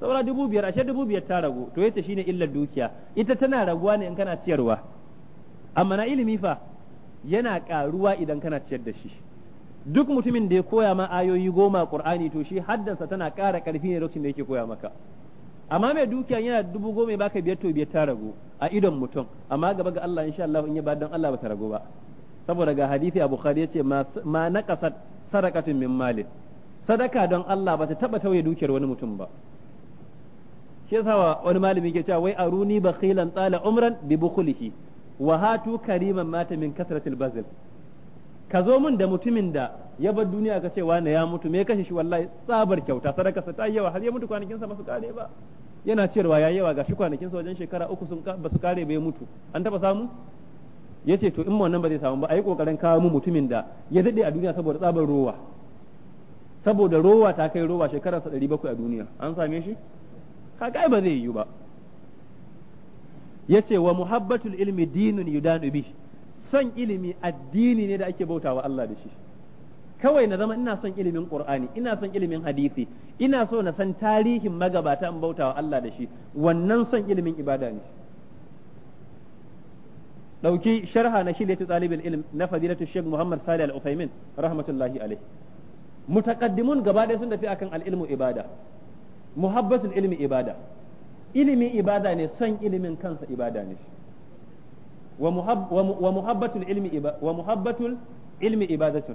saura dubu biyar ashe dubu biyar ta ragu to yace shine illar dukiya ita tana raguwa ne in kana ciyarwa amma na ilimi fa yana karuwa idan kana ciyar da shi duk mutumin da ya koya ma ayoyi goma qur'ani to shi haddansa tana ƙara ƙarfi ne lokacin da yake koya maka amma mai dukiya yana dubu goma ya baka biyar to biyar ta ragu a idon mutum amma gaba ga Allah insha Allah in ya ba dan Allah ba ta ragu ba saboda ga hadisi a Bukhari yace ma naqasat sadaqatun min malin sadaka don Allah ba ta taba tauye dukiyar wani mutum ba shi yasa wani malami yake cewa wai aruni bakhilan tsala umran bi bukhlihi wa hatu kariman mata min kasratil bazil ka zo min da mutumin da ya bar duniya ka ce ne ya mutu me kashe shi wallahi sabar kyauta sadaka sa ta yawa har ya mutu kwanakin sa ba su kare ba yana cewa ya yawa gashi kwanakin sa wajen shekara uku sun ba su kare bai mutu an taba samu yace to in wannan ba zai samu ba ayi kokarin kawo mu mutumin da ya dade a duniya saboda tsabar rowa saboda rowa ta kai rowa shekararsa sa 700 a duniya an same shi kai ba zai yi ba yace wa muhabbatul ilmi dinun yudanu bihi son ilimi addini ne da ake bautawa Allah da shi kawai na zama ina son ilimin Qur'ani ina son ilimin hadisi ina so na san tarihin magabata in bautawa Allah da shi wannan son ilimin ibada ne dauki sharha na shiryatu talibul ilm na fadilatu Sheikh Muhammad Salih Al-Uthaymin rahmatullahi alayh mutaqaddimun gaba ɗaya sun tafi akan al-ilmu ibada muhabbatul ilmi ibada ilimi ibada ne son ilimin kansa ibada ne shi wa muhabbatul ilmi wa muhabbatul ilmi ibadatun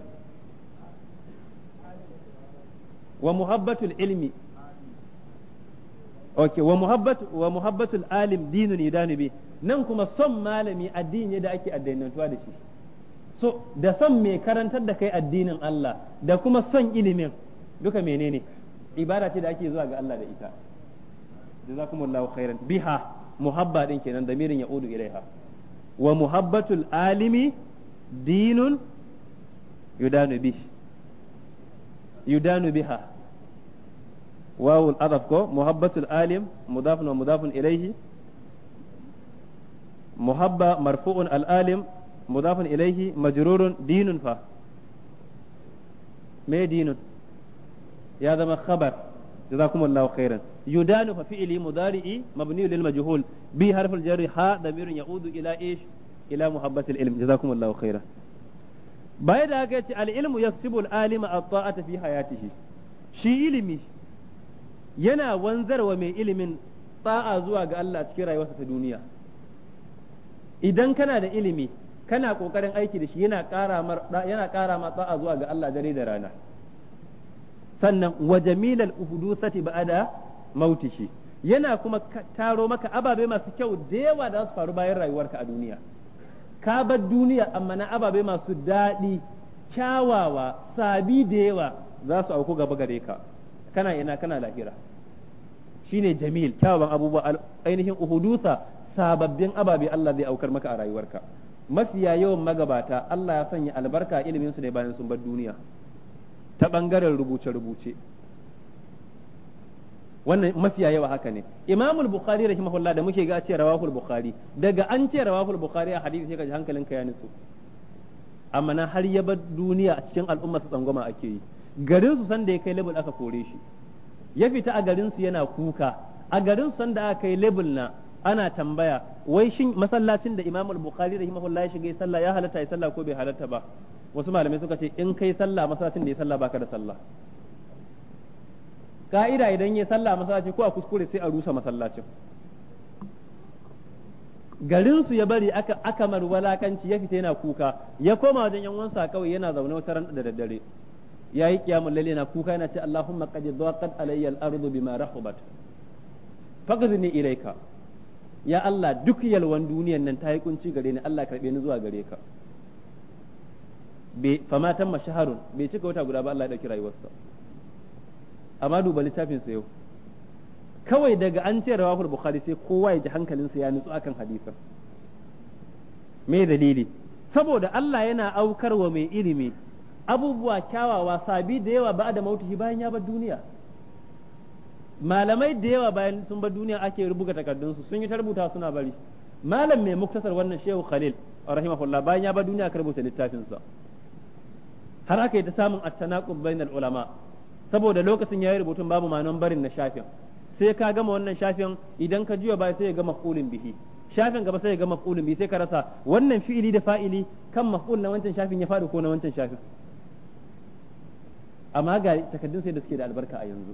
wa muhabbatul ilmi okay wa muhabbat wa muhabbatul alim dinun yudanu bi nan kuma son malami addini da ake addinantuwa da shi so da son mai karantar da kai addinin Allah da kuma son ilimin duka menene ibada ce da ake zuwa ga Allah da ita jazakumullahu khairan biha muhabba din kenan ya udu ilaiha wa muhabbatul alimi dinun yudanu bi yudanu biha wawul adaf ko muhabbatul alim mudafun wa mudafun ilaihi muhabba marfu'un al alim mudafun ilaihi majrurun dinun fa me dinun ya zama khabar jazakumullahu khairan yudanu fa fi'li mudari'i mabni lil majhul bi harfar al jarri ha damirun ya'udu ila ish ila muhabbatil ilm jazakumullahu khairan baya da haka yace al ilmu yaksubu al alima at-ta'ata fi hayatihi shi ilimi yana wanzarwa mai ilimin ta'a zuwa ga Allah cikin rayuwarsa ta duniya idan kana da ilimi kana kokarin aiki da shi yana ƙara tsa'a yana ma ta'a zuwa ga Allah dare da rana sannan wa jamilal uhudusati ba'ada mautihi yana kuma taro maka ababe masu kyau da yawa da su faru bayan rayuwarka a duniya ka bar duniya amma na ababe masu daɗi kyawawa sabi da yawa za su auku gaba gare ka kana ina kana lahira shine jamil kyawawan abubuwa ainihin uhudusa sababbin ababe Allah zai aukar maka a rayuwarka mafiya yawan magabata Allah ya sanya albarka ilimin su ne bayan sun bar duniya ta bangaren rubuce-rubuce wannan mafiya yawa haka ne imamul bukhari rahimahullah da muke ga ce rawahul bukhari daga an ce rawahul bukhari a hadisi sai ka ji hankalinka ya nutsu amma na har ya bar duniya a cikin al'umma su tsangwama ake yi garin su sanda ya kai label aka kore shi ya fita a garin su yana kuka a garin su sanda aka kai label na ana tambaya wai shin masallacin da imamul bukhari rahimahullah ya shiga sallah ya halatta ya sallah ko bai halatta ba wasu malamai suka ce in kai sallah masallacin da ya sallah baka da sallah ka'ida idan ya sallah masallaci ko a kuskure sai a rusa masallacin garin ya bari aka aka walakanci ya fita yana kuka ya koma wajen yan wansa kawai yana zaune wata ran da daddare yayi kiyamul laili yana kuka yana ce Allahumma qad daqat alayya al-ardu bima rahabat faqdini ilayka ya Allah duk yalwan duniyan nan ta yi kunci gare ni Allah karbe ni zuwa gare ka fama tamma shaharun bai cika wata guda ba Allah ya dauki rayuwarsa amma duba littafin sa yau kawai daga an ce rawahul bukhari sai kowa ya ji hankalinsa ya nutsu akan hadisin me dalili saboda Allah yana aukarwa mai ilimi abubuwa kyawawa sabi da yawa ba da bayan ya bar duniya malamai da yawa bayan sun bar duniya ake rubuta su sun yi tarbuta suna bari malam mai muktasar wannan shehu khalil rahimahullah bayan ya bar duniya ka rubuta littafinsa har aka yi ta samun at bainal ulama saboda lokacin yayi rubutun babu manon barin na shafin sai ka gama wannan shafin idan ka jiwa bai sai ya ga maf'ulin bihi shafin gaba sai ya ga kulin bihi sai ka rasa wannan fi'ili da fa'ili kan maf'ul na wancan shafin ya fadi ko na wancan shafin amma ga takaddun sai da suke da albarka a yanzu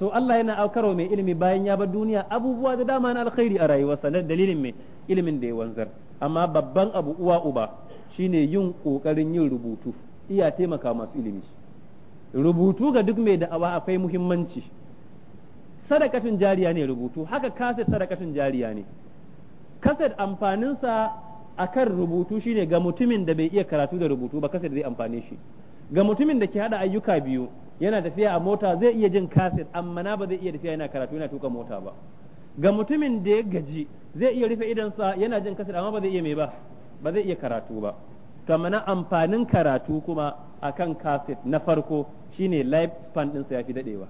so Allah yana aukarwa mai ilimi bayan ya bar duniya abubuwa da dama na alkhairi a rayuwarsa na dalilin mai ilimin da ya wanzar amma babban abu uwa uba shine yin kokarin yin rubutu iya taimaka masu ilimi rubutu ga duk mai da'awa akwai muhimmanci sadakatun jariya ne rubutu haka kaset sadakatun jariya ne kaset amfaninsa akan rubutu shine ga mutumin da bai iya karatu da rubutu ba kaset zai amfane shi ga mutumin da ke hada ayyuka biyu yana tafiya a mota zai iya jin kaset amma na ba zai iya tafiya yana karatu yana tuka mota ba ga mutumin da ya gaji zai iya rufe idansa yana jin kaset amma ba zai iya mai ba ba zai iya karatu ba kama na amfanin karatu kuma a kan kaset na farko shine life span ɗinsa ya fi daɗewa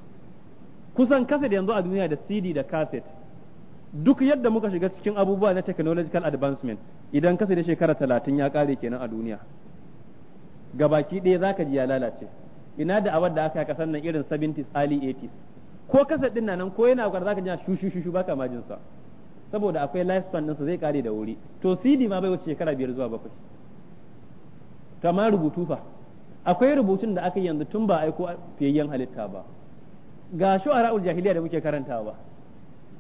kusan kaset yanzu a duniya da cd da kaset duk yadda muka shiga cikin abubuwa na technological advancement idan kaset da shekara talatin ya ƙare kenan a duniya gabaki ɗaya za ka ji ya lalace ina da awar da aka yi kasan nan irin 70s early 80s ko kaset ɗin nan ko yana gwar za ka ji shushu shushu baka majinsa saboda akwai life span ɗinsa zai ƙare da wuri to cd ma bai wuce shekara biyar zuwa bakwai ta ma rubutu fa akwai rubutun da aka yanzu tun ba aiko fiyayyen halitta ba ga ra'ul jahiliya da muke karantawa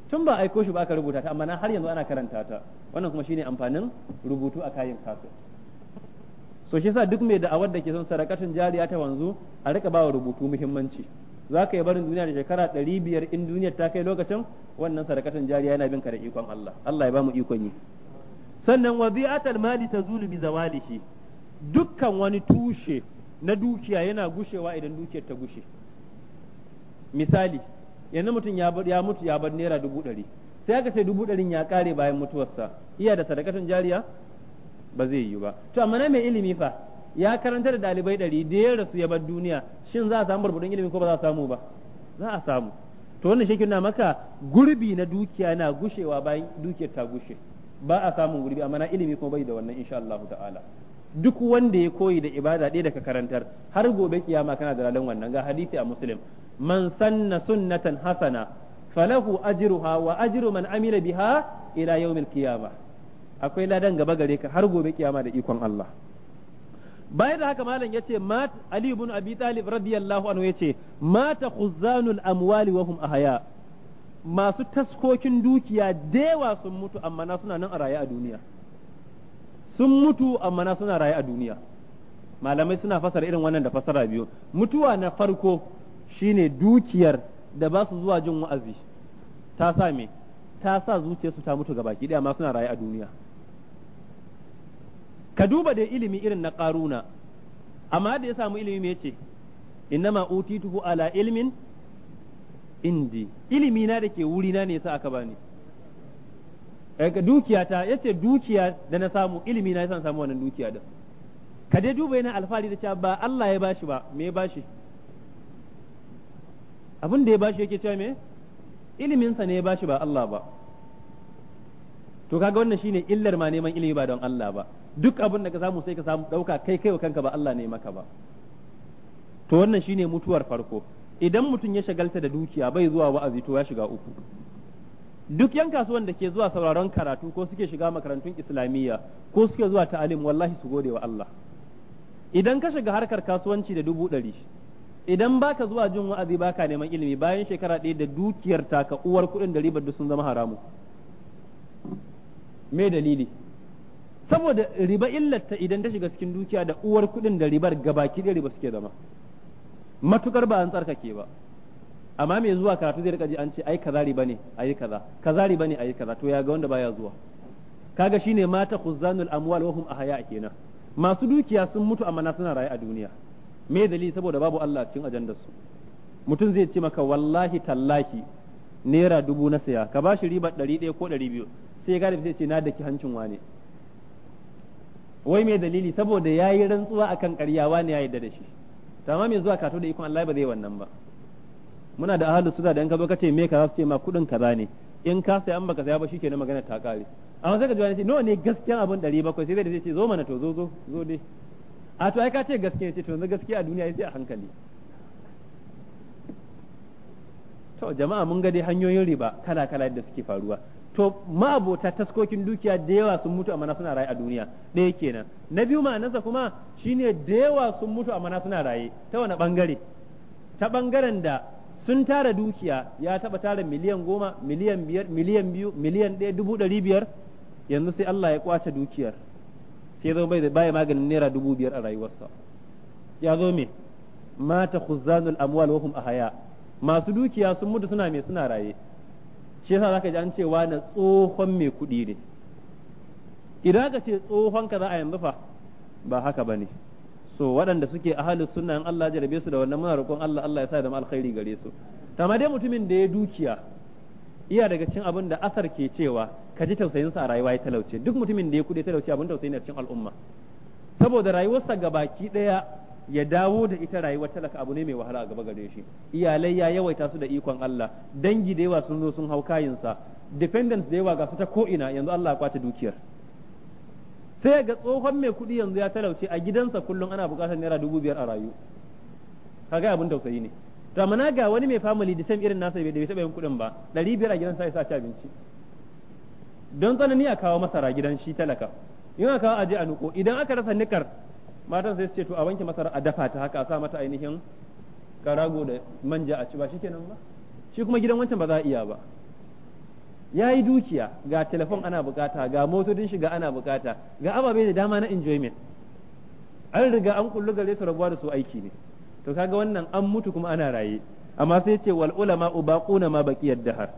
tun ba aiko shi ba aka rubuta ta amma na har yanzu ana karanta ta wannan kuma shine amfanin rubutu a kayan kafin so shi sa duk mai awar da ke son sarakatun jariya ta wanzu a rika bawa rubutu muhimmanci za ka yi barin duniya da shekara ɗari biyar in duniyar ta kai lokacin wannan sarakatun jariya yana bin ka da ikon Allah Allah ya ba mu ikon yi sannan wazi'atul mali tazulu bi zawalihi dukkan wani tushe na dukiya yana gushewa idan dukiyar ta gushe misali yanzu mutum ya mutu ya bar naira dubu ɗari sai aka ce dubu ɗarin ya ƙare bayan mutuwarsa iya da sadakatun jariya ba zai yi ba to amma na mai ilimi fa ya karanta da dalibai ɗari da ya rasu ya bar duniya shin za a samu barbaɗin ilimi ko ba za a samu ba za a samu to wannan shekin na maka gurbi na dukiya na gushewa bayan dukiyar ta gushe ba a samun gurbi amma na ilimi kuma bai da wannan insha Allah ta'ala duk wanda ya koyi da ibada ɗaya daga karantar har gobe kiyama kana da ladan wannan ga hadisi a muslim man sanna sunnatan hasana falahu ajruha wa ajru man amila biha ila yawmil qiyamah akwai ladan gaba gare ka har gobe kiyama da ikon Allah bai da haka malam yace mat ali ibn abi talib radiyallahu anhu yace mata khuzanul amwali wa hum ahya masu taskokin dukiya dewa sun mutu amma na suna nan a raye a duniya sun mutu amma na suna raye a duniya malamai suna fasara irin wannan da fasara biyu mutuwa na farko shine dukiyar da ba su zuwa jin wa'azi ta sa me ta sa zuciyarsu ta mutu gabaki daya amma suna raye a duniya ka duba da ilimi irin na karuna amma da ya samu ilimi me yace innama utituhu ala ilmin indi ilimi na da ke wuri na ne yasa aka bani Eh, dukiya ta yace dukiya da na samu ilimi na yasan samu wannan dukiya din ka dai duba yana alfahari da cewa ba Allah ya bashi ba me ya bashi abin da ya bashi yake cewa me ilimin sa ne ya bashi ba Allah ba to kaga wannan shine illar ma neman ilimi ba don Allah ba duk abin da ka samu sai ka samu dauka kai kai wa kanka ba Allah ne maka ba to wannan shine mutuwar farko idan mutum ya shagalta da dukiya bai zuwa wa'azi to ya shiga uku duk yan kasuwan da ke zuwa sauraron karatu ko suke shiga makarantun islamiyya ko suke zuwa ta'alim wallahi su gode wa Allah idan ka shiga harkar kasuwanci da dubu ɗari idan baka zuwa jin wa'azi baka neman ilimi bayan shekara ɗaya da dukiyar taka uwar kuɗin da ribar duk sun zama haramu me dalili saboda riba illata idan ta shiga cikin dukiya da uwar kuɗin da ribar gabaki ɗaya riba suke zama matukar ba an tsarkake ba amma mai zuwa karatu zai rika ji an ce ai kaza riba ne ayi kaza kaza riba ne ayi kaza to ya ga wanda baya zuwa kaga shine mata khuzanul amwal wa hum ahya kenan masu dukiya sun mutu amma na suna raye a duniya me dalili saboda babu Allah cikin ajandar su mutum zai ce maka wallahi tallahi naira dubu na saya ka bashi riba 100 ko 200 biyu sai ya gane sai ce na daki hancin wane wai me dalili saboda yayi rantsuwa akan ƙarya ne ya da shi tamam yanzu zuwa kato da ikon Allah ba zai wannan ba muna da ahlus sunna da in ka zo ka ce me kaza su ce ma kudin kaza ne in ka sai an baka saya ba na magana ta kare amma sai ka ji wani ce nawa ne gaskiya abin 700 sai da zai ce zo mana to zo zo zo dai a to ai ka ce gaskiya ce to yanzu gaskiya a duniya sai a hankali to jama'a mun ga dai hanyoyin riba kala kala yadda suke faruwa to ma'abota taskokin dukiya da yawa sun mutu amma suna raye a duniya ɗaya kenan na biyu ma'anarsa kuma shine da yawa sun mutu amma suna raye ta wani bangare ta bangaren da sun tara dukiya ya taba tara miliyan goma miliyan biyar miliyan biyu miliyan ɗaya dubu ɗari biyar yanzu sai Allah ya kwace dukiyar sai zo bai baya maganin naira dubu biyar a rayuwarsa ya zo me mata khuzanul amwal wa hum ahaya masu dukiya sun mutu suna me suna raye shi yasa zaka ji an ce na tsohon mai kuɗi ne idan ka ce tsohon ka za a yanzu fa ba haka bane ne so waɗanda suke ahli sunna in Allah jarabe su da wannan muna roƙon Allah Allah ya sa da alkhairi gare su amma dai mutumin da ya dukiya iya daga cin abin da asar ke cewa ka ji tausayin sa a rayuwa ya talauce duk mutumin da ya kuɗe talauce abin tausayi ne a al'umma saboda rayuwarsa ga baki ɗaya ya dawo da ita rayuwar talaka abu ne mai wahala a gaba gare shi iyalai ya yawaita su da ikon Allah dangi da yawa sun zo sun hau kayinsa dependence da yawa ga su ta ko ina yanzu Allah ya kwace dukiyar sai ga tsohon mai kuɗi yanzu ya talauce a gidansa kullum ana buƙatar naira dubu biyar a rayu kaga abin tausayi ne to amma ga wani mai family da sam irin nasa bai taɓa yin kuɗin ba ɗari biyar a gidansa ya sa ci abinci don tsanani a kawo masara gidan shi talaka in aka kawo aje a nuko idan aka rasa nikar matan sai su ce to a wanke masara a dafa ta haka a sa mata ainihin karago da manja a ci ba shikenan ba shi kuma gidan wancan ba za a iya ba ya yi dukiya ga telefon ana bukata ga motocin shiga ana bukata ga ababe da dama na enjoyment an riga an kullu gare su rabuwa da su aiki ne to kaga wannan an mutu kuma ana raye amma sai ce wal ulama ubaquna ma baqiyad dahar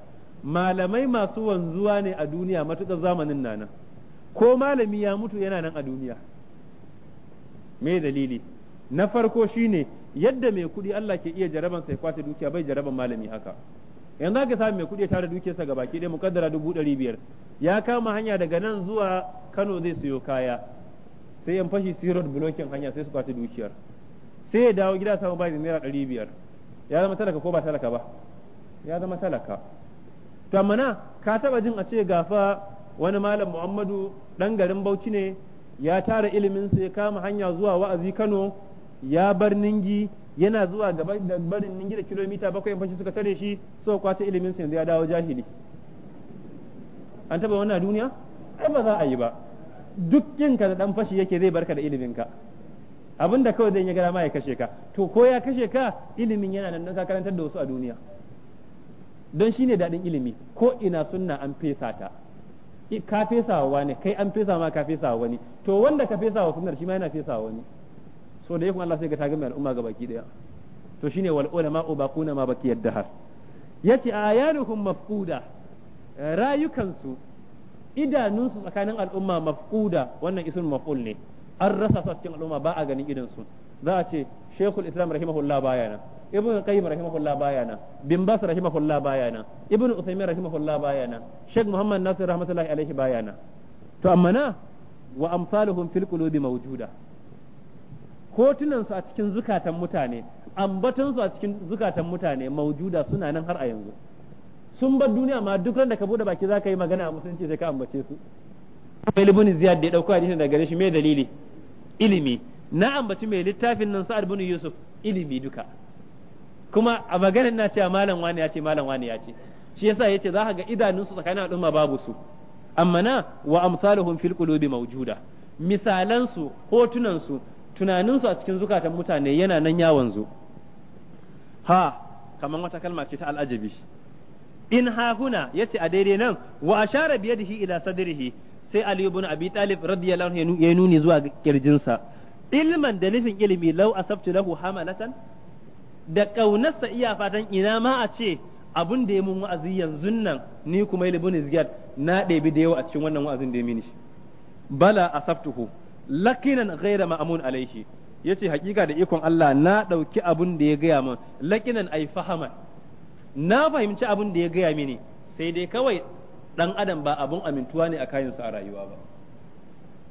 malamai masu wanzuwa ne a duniya matuƙar zamanin nan ko malami ya mutu yana nan a duniya me dalili na farko shine yadda mai kuɗi Allah ke iya jaraban sai kwace dukiya bai jaraban malami haka yanzu aka samu mai kuɗi tare dukiyarsa sa baki ɗaya mukaddara dubu ɗari biyar ya kama hanya daga nan zuwa Kano zai siyo kaya sai yan fashi sirot bulokin hanya sai su kwace dukiyar sai ya dawo gida samu bayan naira ɗari biyar ya zama talaka ko ba talaka ba ya zama talaka to amma na ka taba jin a ce gafa wani malam Muhammadu ɗan garin Bauchi ne ya tara ilimin sa ya kama hanya zuwa wa'azi Kano ya bar ningi yana zuwa gaba da barin gida kilomita bakwai fashi suka tare shi so kwace ilimin sa yanzu ya dawo jahili an taba wannan duniya ai ba za a yi ba duk ka da dan fashi yake zai barka da ilimin ka abin kawai zai ya gara ma ya kashe ka to ko ya kashe ka ilimin yana nan ka karantar da wasu a duniya don shine daɗin ilimi ko ina sunna an fesa ta ka fesa wa wani kai an fesa ma ka fesa wa wani to wanda ka fesa wa sunnar shi ma yana fesa wa wani so da yakun Allah sai ga ta gama al'umma ga baki daya to shine wal ulama baquna ma baki yadda yaddahar yace ayanuhum mafquda eh, rayukansu idanunsu tsakanin al'umma mafquda wannan isun maf'ul ne an rasa su cikin al'umma ba a ganin idan su za a ce shekul islam rahimahullah bayana ibn qayyim rahimahullah bayana bin bas rahimahullah bayana ibn usaymin rahimahullah bayana sheikh muhammad nasir rahmatullahi alaihi bayana to amma na wa amsaluhum fil qulubi mawjuda Kotunansu a cikin zukatan mutane ambatansu a cikin zukatan mutane maujuda suna nan har a yanzu sun bar duniya ma duk da ka bude baki za yi magana a musulunci sai ka ambace su sai libin ziyad da ya dauko hadisin daga gare shi me dalili ilimi na ambaci mai littafin nan sa'ad bin yusuf ilimi duka kuma a maganar na cewa malam wani ya ce malam wani ya ce shi yasa yace za ka ga idanunsu tsakanin al'umma babu su amma na wa amsaluhum fil qulubi mawjuda misalansu hotunansu tunaninsu a cikin zukatan mutane yana nan ya wanzu ha kamar wata kalma ce ta al'ajabi in ha ya ce a daidai nan wa ashara biyadihi ila sadrihi sai Ali ibn Abi Talib radiyallahu anhu ya nuni zuwa kirjinsa ilman da nufin ilimi lau asabtu lahu hamalatan da kaunarsa iya fatan ina ma a ce abun da ya mun wa'azi yanzu nan ni kuma ibn Ziyad na ɗebi da yawa a cikin wannan wa'azin da ya mini bala asabtuhu lakinan ghaira ma'amun alaihi yace hakika da ikon Allah na dauki abun da ya gaya min lakinan ai fahama na fahimci abun da ya gaya mini sai dai kawai dan adam ba abun amintuwa ne a kayansa a rayuwa ba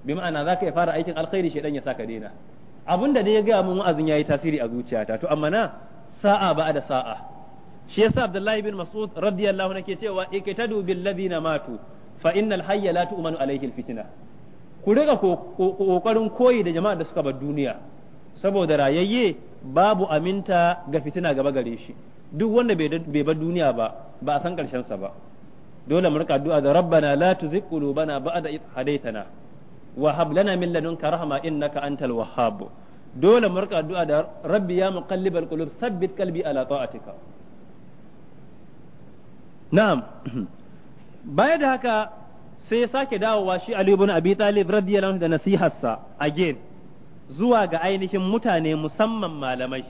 bi ma'ana zaka ya fara aikin alkhairi shedan ya saka daina abun da ya gaya min wa'azin yayi tasiri a zuciyata to amma na sa'a ba da sa'a shi yasa Abdullahi bin Mas'ud radiyallahu anhu ke cewa ikitadu bil ladina matu fa innal hayya la tu'manu alaihi al fitna ku riga kokarin koyi da jama'a da suka bar duniya saboda rayayye babu aminta ga fitina gaba gare shi duk wanda bai bar duniya ba ba a san karshen sa ba dole mu rika addu'a da rabbana la tuzigh qulubana ba'da idh hadaytana wa hab lana min ladunka rahma innaka antal wahhab dole mu rika addu'a da rabbi ya muqallibal qulub thabbit qalbi ala ta'atika na'am baya da haka sai ya sake dawowa shi Ali ibn Abi Talib radiyallahu anhu da nasiharsa again zuwa ga ainihin mutane musamman malamai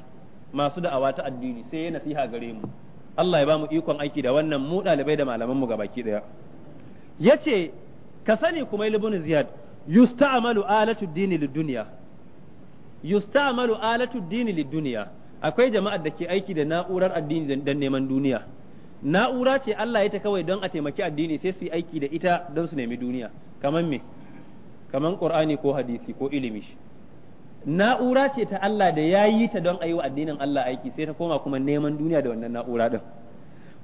masu da'awa ta addini sai ya nasiha gare mu Allah ya ba mu ikon aiki da wannan mu ɗalibai da malaman mu gabaki daya yace ka sani kuma ibn Ziyad yusta'malu alatu dini lidunya yusta'malu alatu dini lidunya akwai jama'ar da ke aiki da na'urar addini dan neman duniya na'ura ce Allah ya ta kawai don a taimaki addini sai su yi aiki da ita don su nemi duniya kamar me kamar qur'ani ko hadisi ko ilimi na'ura ce ta Allah da ya yi ta don a yi wa addinin Allah aiki sai ta koma kuma neman duniya da wannan na'ura din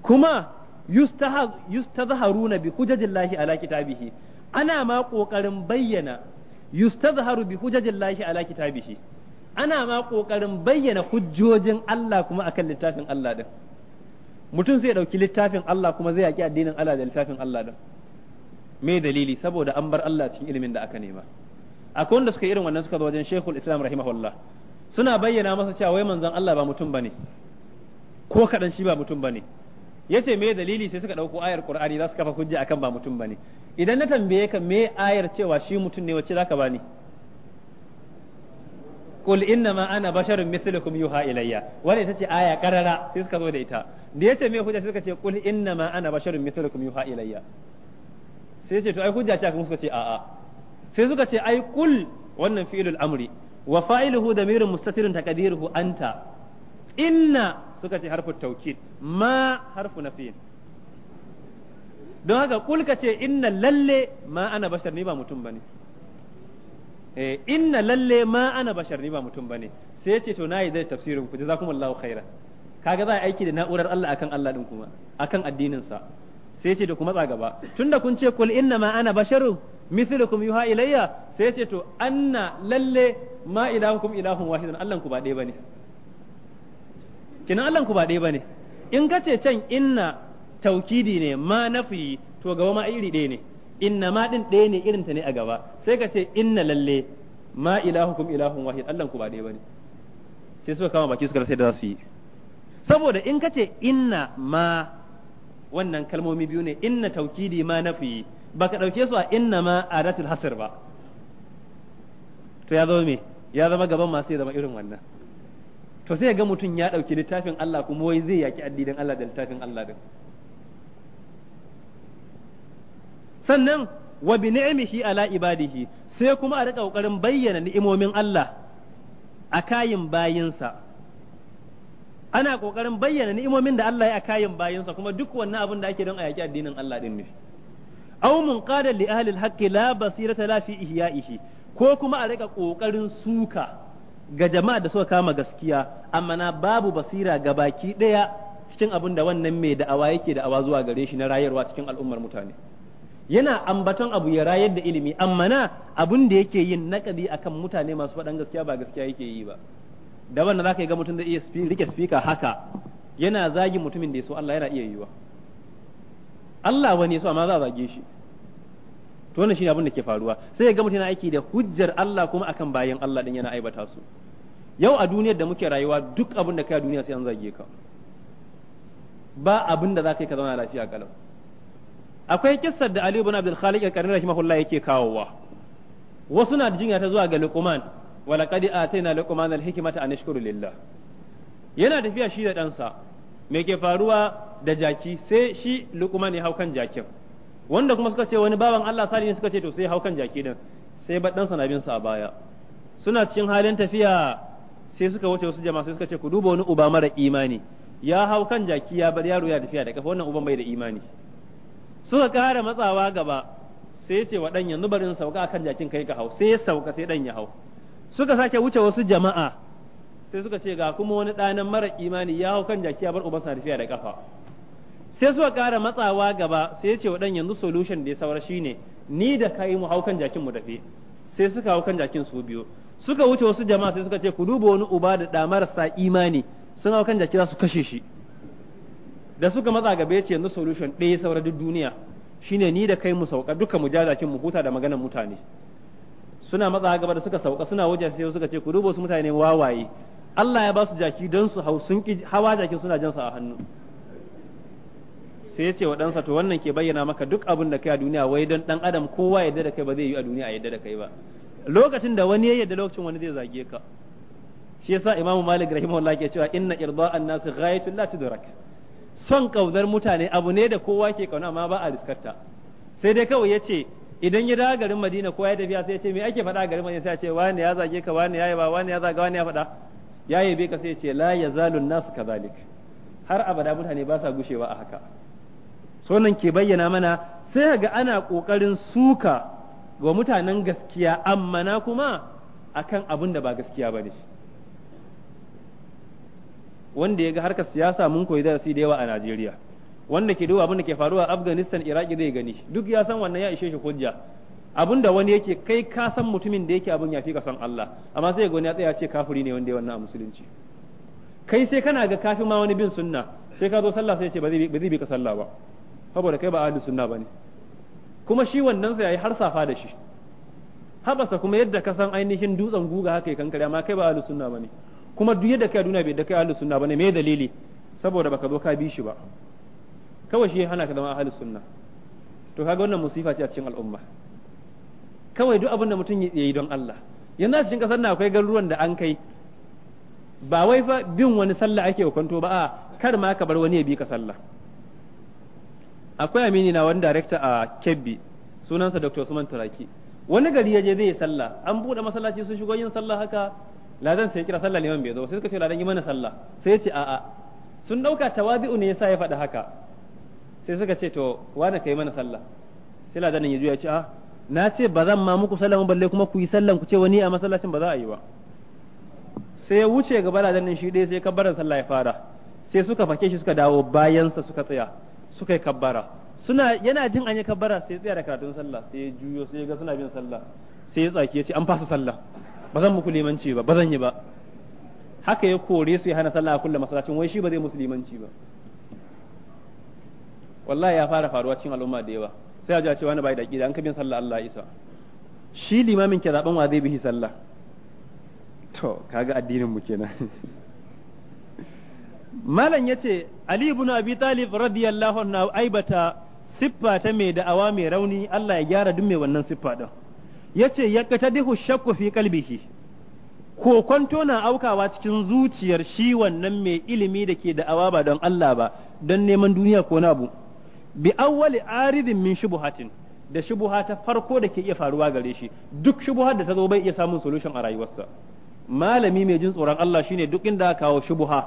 kuma yustazharuna bi hujajillahi ala kitabihi ana ma kokarin bayyana yustazharu bi hujajillahi ala kitabihi ana ma kokarin bayyana hujjojin Allah kuma akan littafin Allah din mutum zai ɗauki littafin Allah kuma zai yaƙi addinin Allah da littafin Allah din me dalili saboda an bar Allah cikin ilimin da aka nema akwai wanda suka irin wannan suka zo wajen Sheikhul Islam rahimahullah suna bayyana masa cewa wai manzon Allah ba mutum bane ko kadan shi ba mutum bane yace me dalili sai suka dauko ayar Qur'ani za su kafa hujja akan ba mutum bane idan na tambaye ka me ayar cewa shi mutum ne wacce zaka bani qul innama ana basharun mithlukum yuha ilayya wani ita ce aya karara sai suka zo da ita da yace me hujja suka ce qul inna ma ana basharun mithlukum yuha ilayya sai ce to ai hujja ce kuma suka ce a'a sai suka ce ai qul wannan fi'ilul amri wa fa'iluhu damirun mustatirun taqdiruhu anta inna suka ce harfu taukid ma harfu nafiyin don haka kul ka ce inna lalle ma ana bashar ni ba mutum bane eh inna lalle ma ana bashar ni ba mutum bane sai ya ce to nayi zai tafsirin ku jazakumullahu khairan kaga za a aiki da na'urar Allah akan Allah din kuma akan addinin sa sai ce da kuma tsaga gaba tunda kun ce kul inna ma ana basharu mithlukum yuha ilayya sai ce to anna lalle ma ilahukum ilahun wahidun Allah ku ba ɗaya bane kina Allah ku ba ɗaya bane in ka ce can inna taukidi ne ma nafi to gaba ma iri ɗaya ne inna ma din ɗaya ne irin ta ne a gaba sai ka ce inna lalle ma ilahukum ilahun wahid Allah ku ba ɗaya bane sai suka kama baki suka rasa da za su yi saboda in ka ce inna ma wannan kalmomi biyu ne inna taukidi ma nafi baka dauke su a inna ma adatul hasr ba to ya zama me ya zama gaban masu ya zama irin wannan to sai ga mutum ya dauki littafin Allah kuma wai zai yaki addinin Allah da littafin Allah din sannan wa bi ni'mihi ala ibadihi sai kuma a rika kokarin bayyana ni'imomin Allah a kayin bayinsa ana kokarin bayyana ni'imomin da Allah ya a Kayan bayinsa kuma duk wannan abin da ake don a yaki addinin Allah din ne aw qala li ahli al-haqq la basirata la fi ihya'ihi ko kuma a rika kokarin suka ga jama'a da suka kama gaskiya amma na babu basira ga baki daya cikin abin da wannan mai da da'awa yake da awa zuwa gare shi na rayarwa cikin al'ummar mutane yana ambaton abu ya rayar da ilimi amma na abin da yake yin nakadi akan mutane masu faɗan gaskiya ba gaskiya yake yi ba da ka yi ga mutum da iya rike spika haka yana zagi mutumin da ya so Allah yana iya yiwa Allah wani ya so amma za a zage shi to wannan shine abin da ke faruwa sai ga mutum yana aiki da hujjar Allah kuma akan bayan Allah din yana aibata su yau a duniyar da muke rayuwa duk abin da kai a duniya sai an zage ka ba abin da za ka yi ka zauna lafiya kalau akwai kissar da Ali ibn Abdul Khaliq al-Qarni rahimahullah yake kawowa wasu na jinya ta zuwa ga Luqman wa laqad atayna luqman al-hikmata an lillah yana tafiya shi da ɗansa me ke faruwa da jaki sai shi luqman ya hau kan jakin wanda kuma suka ce wani bawan Allah salihin suka ce to sai hau kan jaki sai ba ɗansa na bin sa a baya suna cikin halin tafiya sai suka wuce wasu jama'a sai suka ce ku duba wani uba mara imani ya hau kan jaki ya bar yaro ya tafiya da kafa wannan uban bai da imani suka kara matsawa gaba sai ce wa yanzu barin sauka akan jakin kai ka hau sai ya sauka sai dan ya hau suka sake wuce wasu jama'a sai suka ce ga kuma wani ɗanan mara imani ya hau kan jaki ya bar ubansa tafiya da kafa sai suka ƙara matsawa gaba sai ya ce wa ɗan yanzu solution da ya saura shine ni da kai mu hau kan jakin mu tafi sai suka hau kan jakin su biyu suka wuce wasu jama'a sai suka ce ku duba wani uba da ɗa marasa imani sun hau kan jaki za su kashe shi da suka matsa gaba ya ce yanzu solution ɗaya saura duk duniya shine ni da kai mu sauka duka mu ja jakin mu huta da maganar mutane suna matsa gaba da suka sauka suna waje sai suka ce ku dubo su mutane wawaye Allah ya ba su jaki don su hau sun ki hawa jakin suna jansa a hannu sai ya ce wa ɗansa to wannan ke bayyana maka duk abin da kai a duniya wai don ɗan adam kowa yadda da kai ba zai yi a duniya a yadda da kai ba lokacin da wani ya yadda lokacin wani zai zage ka shi yasa imamu malik rahimahullah ke cewa inna irda annasi ghayatun la tudrak son kaudar mutane abu ne da kowa ke kauna amma ba a riskarta sai dai kawai yace idan ya dawo garin Madina kowa ya tafiya sai ya ce me ake faɗa garin Madina sai ya ce wani ya zage ka wani ya yaba wani ya zaga wani ya faɗa ya yabe ka sai ya ce la yazalu nasu kazalik har abada mutane ba sa gushewa a haka sonan ke bayyana mana sai ga ana kokarin suka ga mutanen gaskiya amma na kuma akan abin da ba gaskiya bane wanda ya ga harkar siyasa mun koyi darasi da yawa a Najeriya wanda ke duba abin da ke faruwa Afghanistan Iraki zai gani duk ya san wannan ya ishe shi hujja abin da wani yake kai ka san mutumin da yake abin ya fi ka san Allah amma sai ga wani ya tsaya ce kafiri ne wanda ya wannan a musulunci kai sai kana ga kafin ma wani bin sunna sai ka zo sallah sai ya ce ba zai bi ka sallah ba saboda kai ba ahli sunna bane kuma shi wannan sai yayi har safa da shi habasa kuma yadda ka san ainihin dutsen guga haka ya kankare amma kai ba ahli sunna bane kuma duk yadda kai duniya bai da kai ahli sunna bane me dalili saboda baka zo ka bi shi ba kawai shi hana ka zama ahlus sunna to kaga wannan musifa ce a cikin al'umma kawai duk abin da mutum ya yi don Allah yanzu a cikin kasar na akwai garuruwan da an kai ba wai fa bin wani sallah ake kwanto ba a kar ma ka bar wani ya bi ka sallah akwai amini na wani director a Kebbi sunansa Dr. Usman Turaki wani gari ya je zai yi sallah an buɗe masallaci sun shigo yin sallah haka ladan sai kira sallah man bai zo sai suka ce ladan yi mana sallah sai ya ce a'a sun dauka tawazi'u ne yasa ya faɗa haka sai suka ce to ka kai mana sallah sai ladanin ya juya ce a ah, na ce ba zan ma muku sallah balle kuma ku yi sallan ku ce wani a masallacin ba za a yi ba sai ya wuce gaba ladanin shi ɗaya sai kabbaran sallah ya fara sai suka fake shi suka dawo bayansa suka tsaya suka yi kabbara suna yana jin an yi kabbara sai ya tsaya da karatun sallah sai ya juyo sai ya ga suna bin sallah sai ya tsaki ya ce an fasa sallah ba zan muku limanci ba ba zan yi ba haka ya kore su ya hana sallah a kullum masallacin wai shi ba zai musulmanci ba wallahi ya fara faruwa cikin al'umma da yawa sai a ji a cewa wani bai da aqida an ka sallah Allah isa shi limamin ke zaben wa zai bihi sallah to kaga addinin mu kenan malam yace Ali ibn Abi Talib radiyallahu anhu aibata siffa ta mai da'awa mai rauni Allah ya gyara duk mai wannan siffa din yace ya dihu shakku fi qalbihi ko kwanto na aukawa cikin zuciyar shi wannan mai ilimi da ke da'awa ba don Allah ba don neman duniya ko na abu bi awwali aridin min shubuhatin da shubuha ta farko da ke iya faruwa gare shi duk shubuhar da ta zo bai iya samun solution a rayuwarsa malami mai jin tsoron Allah shine duk inda aka kawo shubuha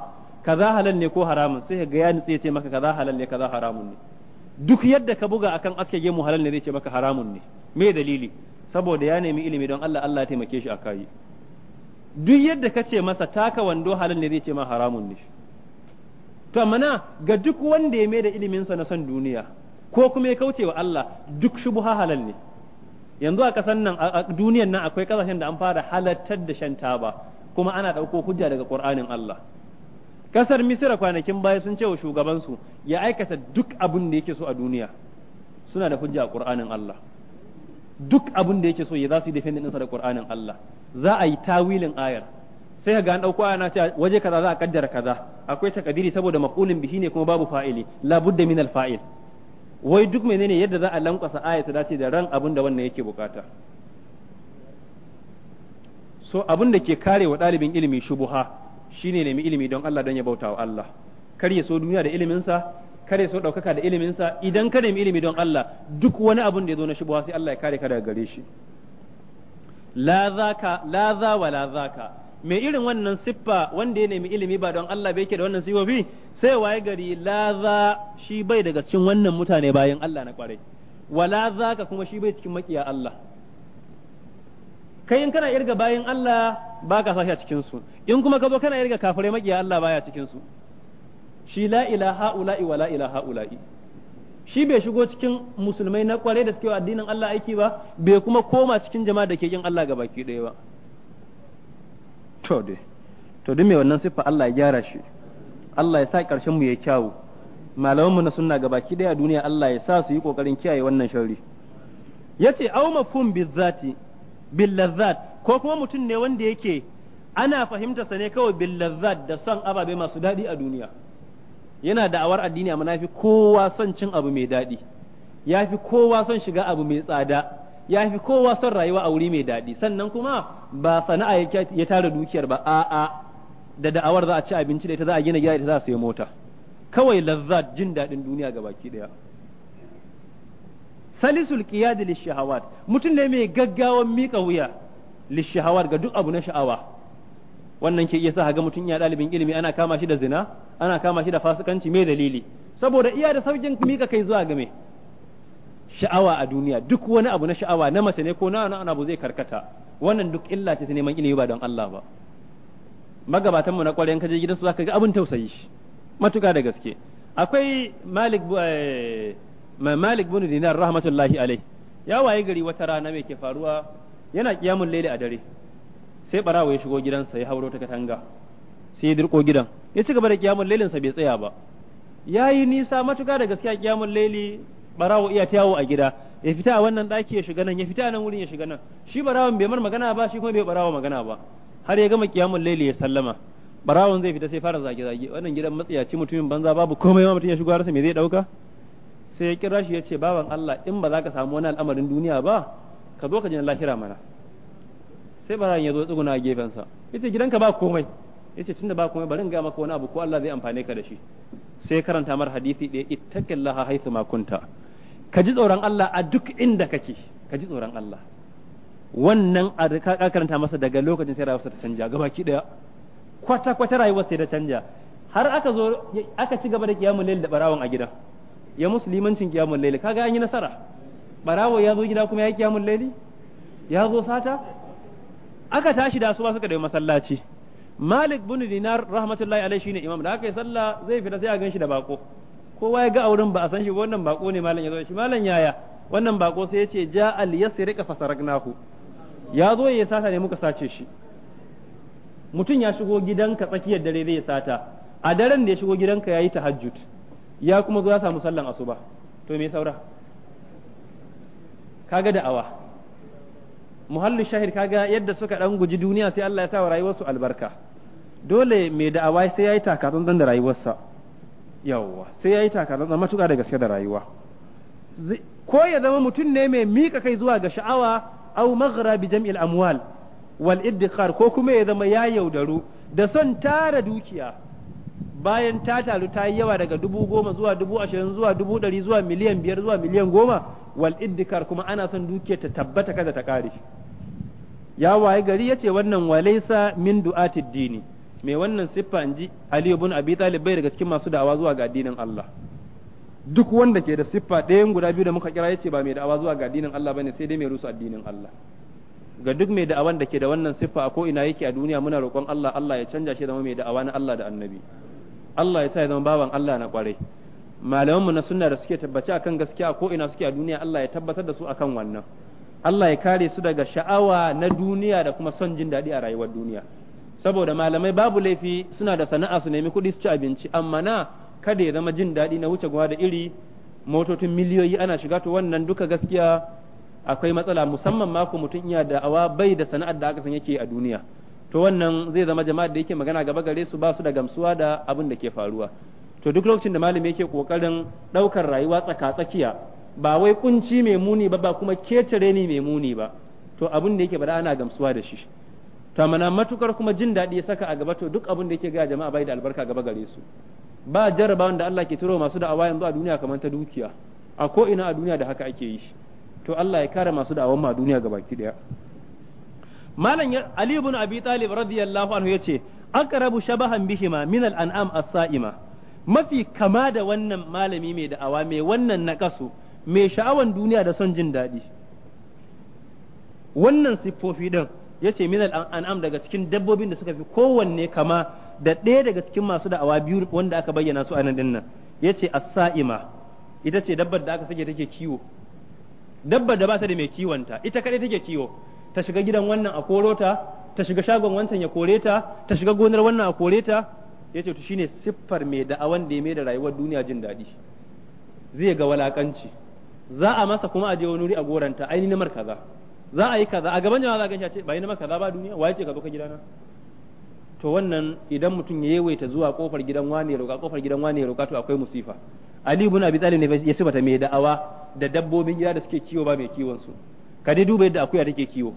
kaza halal ne ko haramun sai ga ya nutse ya ce maka kaza halal ne kaza haramun ne duk yadda ka buga akan aske gemu halal ne zai ce maka haramun ne me dalili saboda ya nemi ilimi don Allah Allah ya taimake shi a kayi duk yadda ka ce masa taka wando halal ne zai ce ma haramun ne to mana ga duk wanda ya mai da ilimin sa na son duniya ko kuma ya kauce wa Allah duk shubuha halal ne yanzu a kasan nan a duniyar nan akwai kasashen da an fara halattar da shan taba kuma ana ɗauko hujja daga Qur'anin Allah kasar Misira kwanakin baya sun ce wa shugabansu ya aikata duk abin da yake so a duniya suna da hujja a Qur'anin Allah duk abin da yake so ya za su yi sa da Qur'anin Allah za a yi tawilin ayar sai ka ga an dauko ana cewa waje kaza za a kaddara kaza akwai takadiri saboda maqulin bihi ne kuma babu fa'ili la budda min al fa'il wai duk menene yadda za a lankwasa ayatu dace da ran abin da wannan yake bukata so abin da ke kare wa dalibin ilimi shubuha shine nemi ilimi don Allah don ya bauta wa Allah kar ya so duniya da iliminsa kar ya so ɗaukaka da iliminsa idan ka nemi ilimi don Allah duk wani abin da ya zo na shubuha sai Allah ya kare ka daga gare shi la zaka la za wa la zaka mai irin wannan siffa wanda ya nemi ilimi ba don Allah bai yake da wannan sifofi sai waye gari laza shi bai daga cikin wannan mutane bayan Allah na kwarai wala za ka kuma shi bai cikin makiya Allah kai in kana irga bayan Allah ba ka sashi a cikin su in kuma ka zo kana irga kafirai makiya Allah baya cikin su shi la ilaha ula'i wala ilaha ula'i shi bai shigo cikin musulmai na kwarai da suke addinin Allah aiki ba bai kuma koma cikin jama'a da ke yin Allah gabaki ɗaya ba to dai to duk wannan siffa Allah ya gyara shi Allah ya sa ƙarshen mu ya kyawu malaman mu na sunna gabaki daya duniya Allah ya sa su yi kokarin kiyaye wannan sharri yace aw mafhum bizzati bil ko kuma mutum ne wanda yake ana fahimta sa ne kawai bil da son ababe masu dadi a duniya yana da'awar addini amma nafi kowa son cin abu mai dadi yafi kowa son shiga abu mai tsada ya fi kowa son rayuwa a wuri mai daɗi sannan kuma ba sana'a ya tara dukiyar ba a'a da da'awar za a ci abinci da ita za a gina gida ita za a sayi mota kawai lazzat jin daɗin duniya ga baki ɗaya salisul qiyad shahawat mutum ne mai gaggawan mika wuya shahawat ga duk abu na sha'awa wannan ke iya sa ga mutum iya dalibin ilimi ana kama shi da zina ana kama shi da fasikanci mai dalili saboda iya da saukin mika kai zuwa ga me sha'awa a duniya duk wani abu na sha'awa na mace ne ko na wani abu zai karkata wannan duk illa ce ta neman ilimi ba don Allah ba magabatan mu na kwarai in ka je gidansu zaka ga abin tausayi shi matuka da gaske akwai Malik eh, Malik bin Dinar rahmatullahi alaihi ya waye gari wata rana mai ke faruwa yana kiyamun laili a dare sai barawo ya shigo gidansa ya hauro ta katanga sai ya dirko gidan ya ci gaba da kiyamun lailin sa bai tsaya ba yayi nisa matuka da gaske a kiyamun laili barawo iya tayawo a gida ya fita a wannan daki ya shiga nan ya fita nan wurin ya shiga nan shi barawon bai mar magana ba shi kuma bai barawo magana ba har ya gama kiyamul laili ya sallama barawon zai fita sai fara zage zage wannan gidan matsiyaci mutumin banza babu komai ma mutum ya shigo harsa me zai dauka sai ya kira shi ya ce baban Allah in ba za ka samu wani al'amarin duniya ba ka zo ka ji lahira mana sai barawon ya zo tsuguna a gefensa yace gidanka ba komai yace tunda ba komai bari in ga maka wani abu ko Allah zai amfane ka da shi sai karanta mar hadisi ɗaya ittaqillaha haythu ma kunta ka ji tsoron Allah a duk inda kake ka ji tsoron Allah wannan a karanta masa daga lokacin sai rayuwarsa ta canja gabaki daya kwata kwata rayuwar sai ta canja har aka zo aka ci gaba da kiyamul layl da barawon a gida ya musulmancin kiyamul layl kaga an yi nasara barawo ya zo gida kuma ya kiyamul layl ya zo sata aka tashi da su ba suka da masallaci Malik bin Dinar rahmatullahi alaihi shine imam da aka yi sallah zai fita sai a ganshi da bako kowa ya ga auren ba a san shi wannan bako ne malam ya zo shi malam yaya wannan bako sai ya ce ja al yasriqa fasaragnahu ya zo ya sata ne muka sace shi mutum ya shigo gidanka tsakiyar dare zai sata a daren da ya shigo gidanka yayi tahajjud ya kuma zo ya samu sallan asuba to me saura kaga da'awa muhallu shahid kaga yadda suka dan guji duniya sai Allah ya sa wa rayuwarsu albarka dole mai da'awa sai ya yi taka tsantsan da rayuwarsa yawwa sai ya yi takarar matuƙa da gaske da rayuwa ko ya zama mutum ne mai mika kai zuwa ga sha'awa au maghara bi jam'il amwal wal ko kuma ya zama ya yaudaru da son tara dukiya bayan ta taru ta yi yawa daga dubu goma zuwa dubu ashirin zuwa dubu ɗari zuwa miliyan biyar zuwa miliyan goma wal iddikar kuma ana son dukiyar ta tabbata kada ta ƙare ya waye gari ya ce wannan walaisa min du'atid dini mai wannan siffa in ji Ali ibn Abi Talib bai daga cikin masu da'awa zuwa ga addinin Allah duk wanda ke da siffa ɗayan guda biyu da muka kira yace ba mai da'awa zuwa ga addinin Allah bane sai dai mai rusa addinin Allah ga duk mai da'awan da ke da wannan siffa a ko ina yake a duniya muna roƙon Allah Allah ya canja shi zama mai da'awa na Allah da Annabi Allah ya sa ya zama bawan Allah na kwarai malaman mu na sunna da suke tabbaci akan gaskiya a ko ina suke a duniya Allah ya tabbatar da su akan wannan Allah ya kare su daga sha'awa na duniya da kuma son jin daɗi a rayuwar duniya saboda malamai babu laifi suna da sana'a su nemi kuɗi su ci abinci amma na kada ya zama jin daɗi na wuce gwa da iri motocin miliyoyi ana shiga to wannan duka gaskiya akwai matsala musamman ma ku mutum iya da awa bai da sana'ar da aka san yake a duniya to wannan zai zama jama'a da yake magana gaba gare su ba su da gamsuwa da abin da ke faruwa to duk lokacin da malami yake kokarin ɗaukar rayuwa tsaka-tsakiya ba wai kunci mai muni ba ba kuma kecere ne mai muni ba to abin da yake bada ana gamsuwa da shi to mana matukar kuma jin daɗi ya saka a gaba to duk abin da yake ga jama'a bai da albarka gaba gare su ba jarabawan da Allah ke turo masu da'awa yanzu a duniya kamar ta dukiya a ko ina a duniya da haka ake yi to Allah ya kare masu da'awan ma duniya gaba ki daya malam Ali ibn Abi Talib radiyallahu anhu yace aqrabu shabahan bihima min al-an'am as-sa'ima mafi kama da wannan malami mai da'awa mai wannan nakasu mai sha'awan duniya da son jin daɗi wannan siffofi din yace minal an'am daga cikin dabbobin da suka fi kowanne kama da ɗaya daga cikin masu da'awa biyu wanda aka bayyana su a nan dinnan yace as-sa'ima ita ce dabbar da aka sake take kiwo dabbar da ba ta da mai kiwonta ita kadai take kiwo ta shiga gidan wannan a koro ta ta shiga shagon wancan ya kore ta ta shiga gonar wannan a kore ta yace to shine siffar mai da'awan da ya mai da rayuwar duniya jin daɗi zai ga walakanci za a masa kuma a je wani wuri a goranta ainihin na kaza za a yi kaza a gaban jama'a za a shi a ce bai na maka kaza ba duniya waye ce ka zo ka gidana to wannan idan mutum ya yawaita zuwa kofar gidan wane ya roƙa kofar gidan wane ya roƙa to akwai musifa ali ibn abi talib ne ya ta mai da'awa da dabbobin gida da suke kiwo ba mai kiwon su ka dai duba yadda akuya take kiwo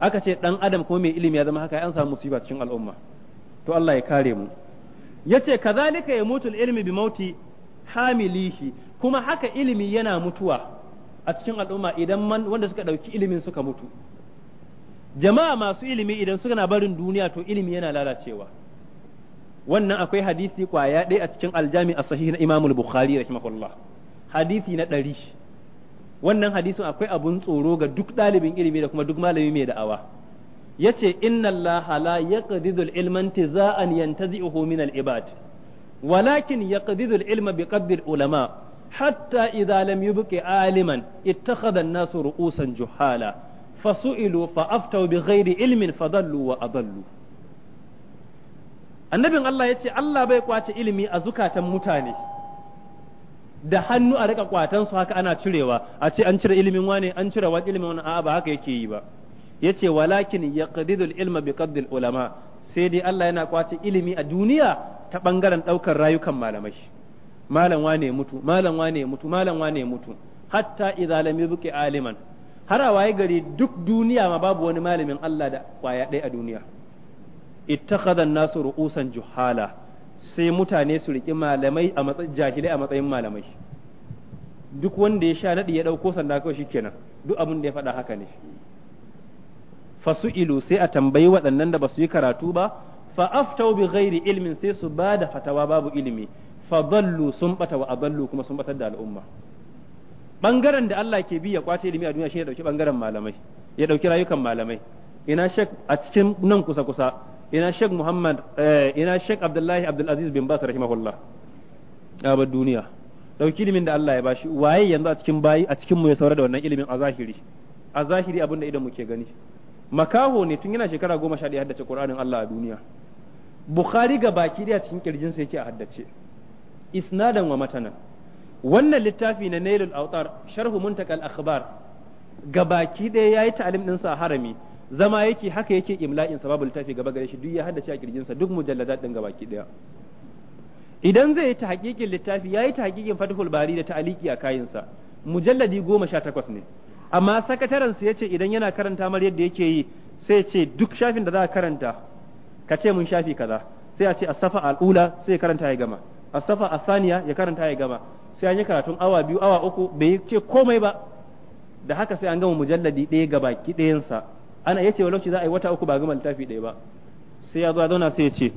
aka ce dan adam ko mai ilimi ya zama haka an samu musifa cikin al'umma to Allah ya kare mu yace kazalika ya mutul ilmi bi mauti hamilihi kuma haka ilimi yana mutuwa a cikin al'umma idan man wanda suka ɗauki ilimin suka mutu jama'a masu ilimi idan suna barin duniya to ilimi yana lalacewa wannan akwai hadisi kwaya ɗaya a cikin aljami a sahih na imamul bukhari rahimahullah hadisi na ɗari wannan hadisin akwai abun tsoro ga duk ɗalibin ilimi da kuma duk malami mai da'awa yace inna allaha la yaqdidu al-ilma intiza'an yantazi'uhu min al-ibad walakin yaqdidu al-ilma biqadri al-ulama hatta idza lam yubqi aliman ittakhadha an-nasu ru'usan juhala fasu'ilu fa aftau bi ghairi ilmin annabin Allah yace Allah bai kwace ilimi a zukatan mutane da hannu a rika kwatan su haka ana cirewa a ce an cire ilimin wane an cire wani ilimin wani a'a ba haka yake yi ba yace walakin yaqdidul ilma bi ulama sai dai Allah yana kwace ilimi a duniya ta ɓangaren ɗaukar rayukan malamai malam wane ya mutu malam wane ya mutu malam wane ya mutu hatta idza lam yubqi aliman har a waye gari duk duniya ma babu wani malamin Allah da kwaya ɗaya a duniya ittakhadha an-nasu ru'usan juhala sai mutane su riki malamai a matsayin jahilai a matsayin malamai duk wanda ya sha nadi ya dauko sanda kawai kenan duk abin da ya faɗa haka ne fasu'ilu sai a tambayi waɗannan da basu yi karatu ba fa aftau bi ilmin sai su bada fatawa babu ilimi fadallu sun bata wa adallu kuma sun batar da al'umma bangaren da Allah ke bi ya kwace ilimi a duniya shi ya dauki bangaren malamai ya dauki rayukan malamai ina shek a cikin nan kusa kusa ina shek Muhammad eh, ina shek Abdullahi Abdul Aziz bin Bas rahimahullah ya bar duniya dauki ilimin da Allah ya bashi waye yanzu a cikin bayi a cikin mu ya saurara da wannan ilimin a zahiri a zahiri abinda idan muke gani makaho ne tun yana shekara goma sha ɗaya haddace Qur'anin Allah a duniya Bukhari ga baki daya cikin kirjinsa yake a haddace isnadan wa matanan wannan littafi na nailul autar sharhu muntakal akhbar gabaki ɗaya yayi ta'alim din sa harami zama yake haka yake imla'in sa babu littafi gaba gare shi duk ya haddace a kirgin sa duk mujalladat din gabaki ɗaya idan zai yi ta hakikin littafi yayi ta hakikin fathul bari da ta'aliki a kayin sa mujalladi goma sha takwas ne amma sakataren sa yace idan yana karanta mar yadda yake yi sai ce duk shafin da za ka karanta ka ce mun shafi kaza sai a ce a safa al'ula sai karanta ya gama asafa asaniya ya karanta ya gama sai an yi karatun awa biyu awa uku bai ce komai ba da haka sai an gama mujalladi ɗaya ga baki ɗayansa ana yace wa lokaci za a yi wata uku ba gama littafi ɗaya ba sai ya zo a zauna sai ya ce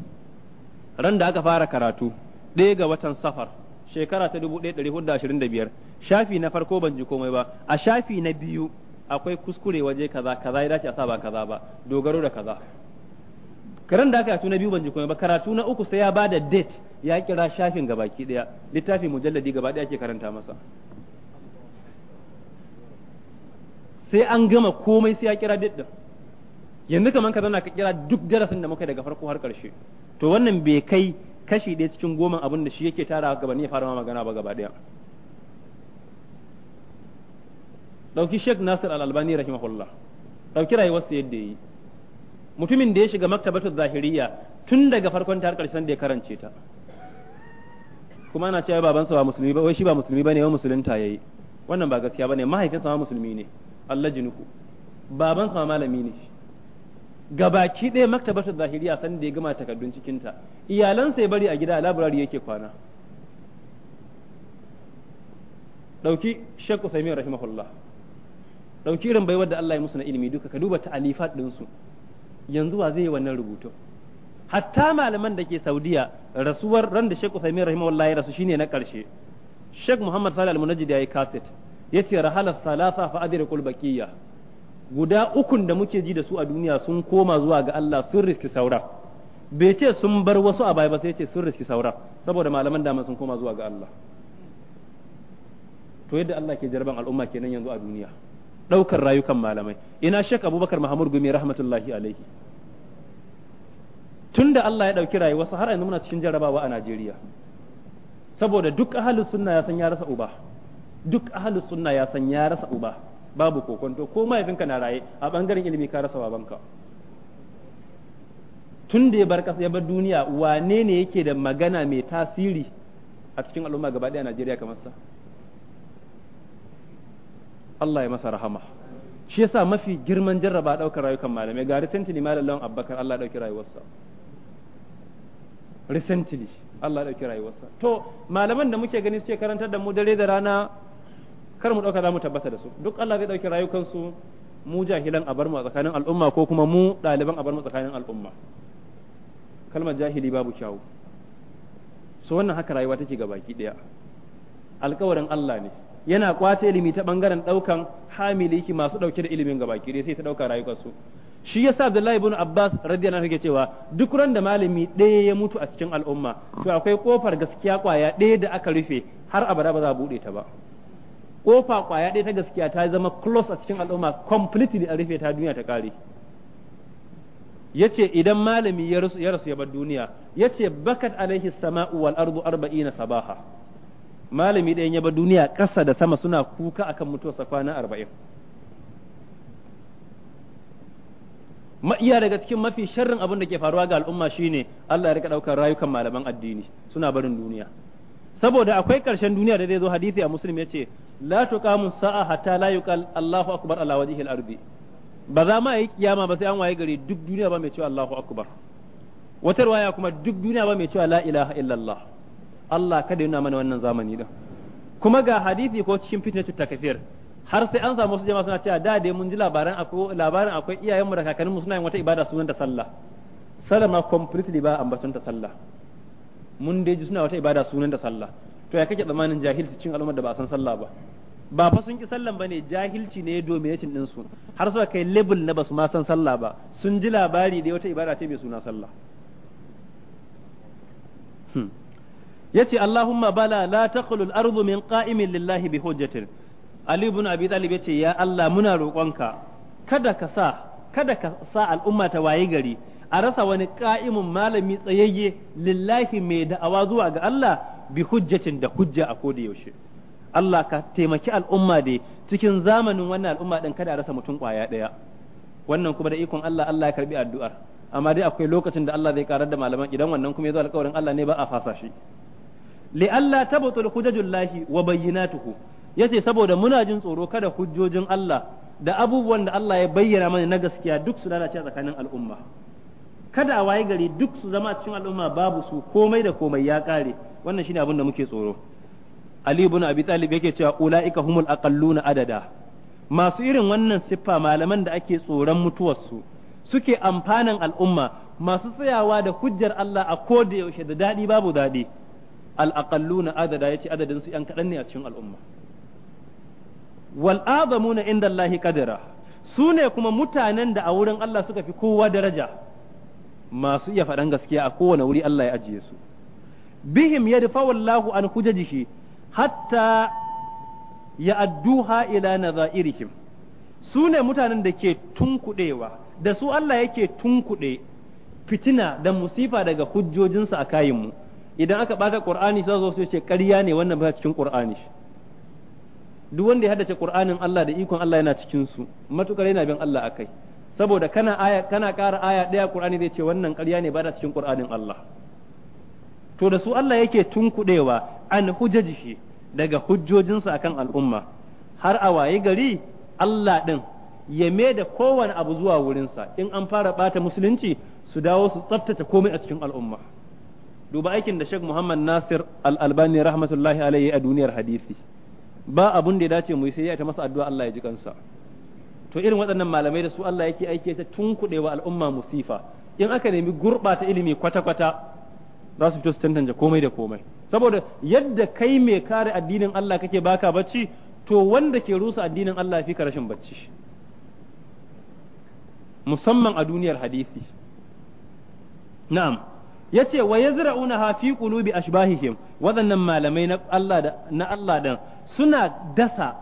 ran da aka fara karatu ɗaya ga watan safar shekara ta dubu ɗaya ɗari hudu ashirin da biyar shafi na farko ban ji komai ba a shafi na biyu akwai kuskure waje kaza kaza ya dace a sa ba kaza ba dogaro da kaza karan da aka karatu na biyu ban ji komai ba karatu na uku sai ya bada date ya kira shafin gabaki daya littafin mujalladi gaba daya ke karanta masa sai an gama komai sai ya kira didda yanzu kaman ka zana ka kira duk darasin da muka daga farko har karshe to wannan bai kai kashi daya cikin goma abin da shi yake tara gaba ne ya fara magana ba gaba daya dauki Sheikh Nasir Al-Albani rahimahullah dauki rayuwarsa yadda yi mutumin da ya shiga maktabatu zahiriya tun daga farkon ta har karshen da ya karance ta kuma ana cewa babansa ba musulmi ba wai shi ba musulmi bane wai musulunta yayi wannan ba gaskiya bane mahaifinsa ma musulmi ne Allah jinuku babansa ma malami ne gabaki ɗaya maktabatar zahiri a sanda ya gama takardun cikin ta iyalansa ya bari a gida a laburari yake kwana dauki Sheikh Usaimin rahimahullah dauki irin baiwar da Allah ya musu na ilimi duka ka duba ta'alifat din su yanzu wa zai yi wannan rubutu hatta malaman da ke Saudiya rasuwar ran da Sheikh Uthaymeen rahimahullah ya rasu shine na karshe Sheikh Muhammad Salih Al-Munajjid yayi kaset yace rahalat salasa fa adrikul bakiyya guda ukun da muke ji da su a duniya sun koma zuwa ga Allah sun riski saura bai ce sun bar wasu a baya ba sai yace sun riski saura saboda malaman dama sun koma zuwa ga Allah to yadda Allah ke jarban al'umma kenan yanzu a duniya daukar rayukan malamai ina Sheikh Abubakar Mahmud Gumi rahmatullahi alaihi tunda Allah ya dauki rayuwarsa har yanzu muna cikin jarabawa a Najeriya saboda duk ahlus sunna ya san ya rasa uba duk ahlus sunna ya san ya rasa uba babu kokonto ko mahaifinka na raye a bangaren ilimi ka rasa babanka tun da ya bar ya bar duniya wane ne yake da magana mai tasiri a cikin al'umma gaba a Najeriya kamar sa Allah ya masa rahama shi yasa mafi girman jarraba daukar rayukan malamai gari tantini malallan abbakar Allah ya dauki rayuwarsa recently Allah ya dauki rayuwarsa to malaman da muke gani suke karantar da mu dare da rana kar mu dauka za mu tabbata da su duk Allah zai dauki rayukansu mu jahilan a bar mu tsakanin al'umma ko kuma mu ɗaliban a bar mu tsakanin al'umma kalmar jahili babu kyawu so wannan haka rayuwa take ga baki daya alkawarin Allah ne yana kwace ilimi ta bangaren daukan hamiliki masu dauke da ilimin ga baki sai ta dauka rayukansu shi ya sa Abdullahi ibn Abbas radiyallahu anhu yake cewa duk ran da malami ɗaya ya mutu a cikin al'umma to akwai kofar gaskiya kwaya ɗaya da aka rufe har abada ba za a bude ta ba kofa kwaya ɗaya ta gaskiya ta zama close a cikin al'umma completely a rufe ta duniya ta kare yace idan malami ya rasu ya bar duniya yace bakat alaihi sama'u wal ardu arba'ina sabaha malami ɗayan ya bar duniya ƙasa da sama suna kuka akan mutuwarsa kwana arba'in iya daga cikin mafi sharrin abin da ke faruwa ga al'umma shine Allah ya rika daukar rayukan malaman addini suna barin duniya saboda akwai karshen duniya da zai zo hadisi a muslim ce la tuqamu sa'a hatta la yuqal Allahu akbar ala wajhil ardi ba za ma yi kiyama ba sai an waye gari duk duniya ba mai cewa Allahu akbar wata riwaya kuma duk duniya ba mai cewa la ilaha illallah Allah kada yana mana wannan zamani din kuma ga hadisi ko cikin fitnatu takfir har sai an samu wasu jama'a suna cewa da dai mun ji labaran akwai labarin akwai iyayenmu da mu suna yin wata ibada sunan da sallah sallah ma completely ba ambaton ta sallah mun dai ji suna wata ibada sunan da sallah to ya kake tsammanin jahilci cin al'ummar da ba san sallah ba ba fa sun ki sallan bane jahilci ne domination din su har suka kai level na ba su ma san sallah ba sun ji labari dai wata ibada ce mai suna sallah hmm. yace Allahumma bala la taqulu al-ardu min qa'imin lillahi bi hujjatin Ali ibn Abi Talib yace ya Allah muna roƙonka kada ka sa kada ka sa al'umma ta waye gari a rasa wani ka'imun malami tsayayye lillahi mai da'awa zuwa ga Allah bi hujjatin da hujja a koda yaushe Allah ka taimaki al'umma da cikin zamanin wannan al'umma din kada a rasa mutum kwaya daya wannan kuma da ikon Allah Allah ya karbi addu'ar amma dai akwai lokacin da Allah zai karar da malaman idan wannan kuma ya zo alƙawarin Allah ne ba a fasa shi li alla tabtul lahi wa bayyinatuhu yace saboda muna jin tsoro kada hujjojin Allah da abubuwan da Allah ya bayyana mana na gaskiya duk su lalace a tsakanin al'umma kada a waye gari duk su zama cikin al'umma babu su komai da komai ya kare wannan shine abin da muke tsoro Ali ibn Abi Talib yake cewa ulaika humul aqalluna adada masu irin wannan siffa malaman da ake tsoron mutuwarsu suke amfanin al'umma masu tsayawa da hujjar Allah a ko da yaushe da dadi babu dadi al aqalluna adada yace adadin su yan kadan ne a cikin al'umma wal azamuna inda Allah qadara su ne kuma mutanen da a wurin Allah suka fi kowa daraja masu iya faɗan gaskiya a kowane wuri Allah ya ajiye su bihim ya yadfa'u Wallahu an jishi hatta ya ya'adduha ila nazairihim su ne mutanen da ke tunkuɗewa da su Allah yake tunkuɗe fitina da musifa daga hujjojinsa a kayanmu idan aka ɓata ƙur'ani sai zo su ce ƙarya ne wannan ba cikin ƙur'ani duk wanda ya haddace Qur'anin Allah da ikon Allah yana cikin su matukar yana bin Allah akai saboda kana aya kana ƙara aya ɗaya Qur'ani zai ce wannan ƙarya ne ba da cikin Qur'anin Allah to da su Allah yake tunkuɗewa an hujajihi daga hujjojinsa akan al'umma har a waye gari Allah ɗin ya me da kowane abu zuwa wurinsa in an fara ɓata musulunci su dawo su tsaftace komai a cikin al'umma duba aikin da Sheikh Muhammad Nasir Al-Albani rahmatullahi alaihi a duniyar hadisi ba abun da ya dace mu yi sai ya ta masa addu'a Allah ya ji kansa to irin waɗannan malamai da su Allah yake aike ta tunkuɗewa al'umma musifa in aka nemi gurɓata ilimi kwata-kwata za su fito su tantance komai da komai saboda yadda kai mai kare addinin Allah kake baka bacci to wanda ke rusa addinin Allah fi ka rashin bacci musamman a duniyar hadisi na'am yace wa yazra'una fi qulubi ashbahihim wadannan malamai na Allah da na Allah dan suna dasa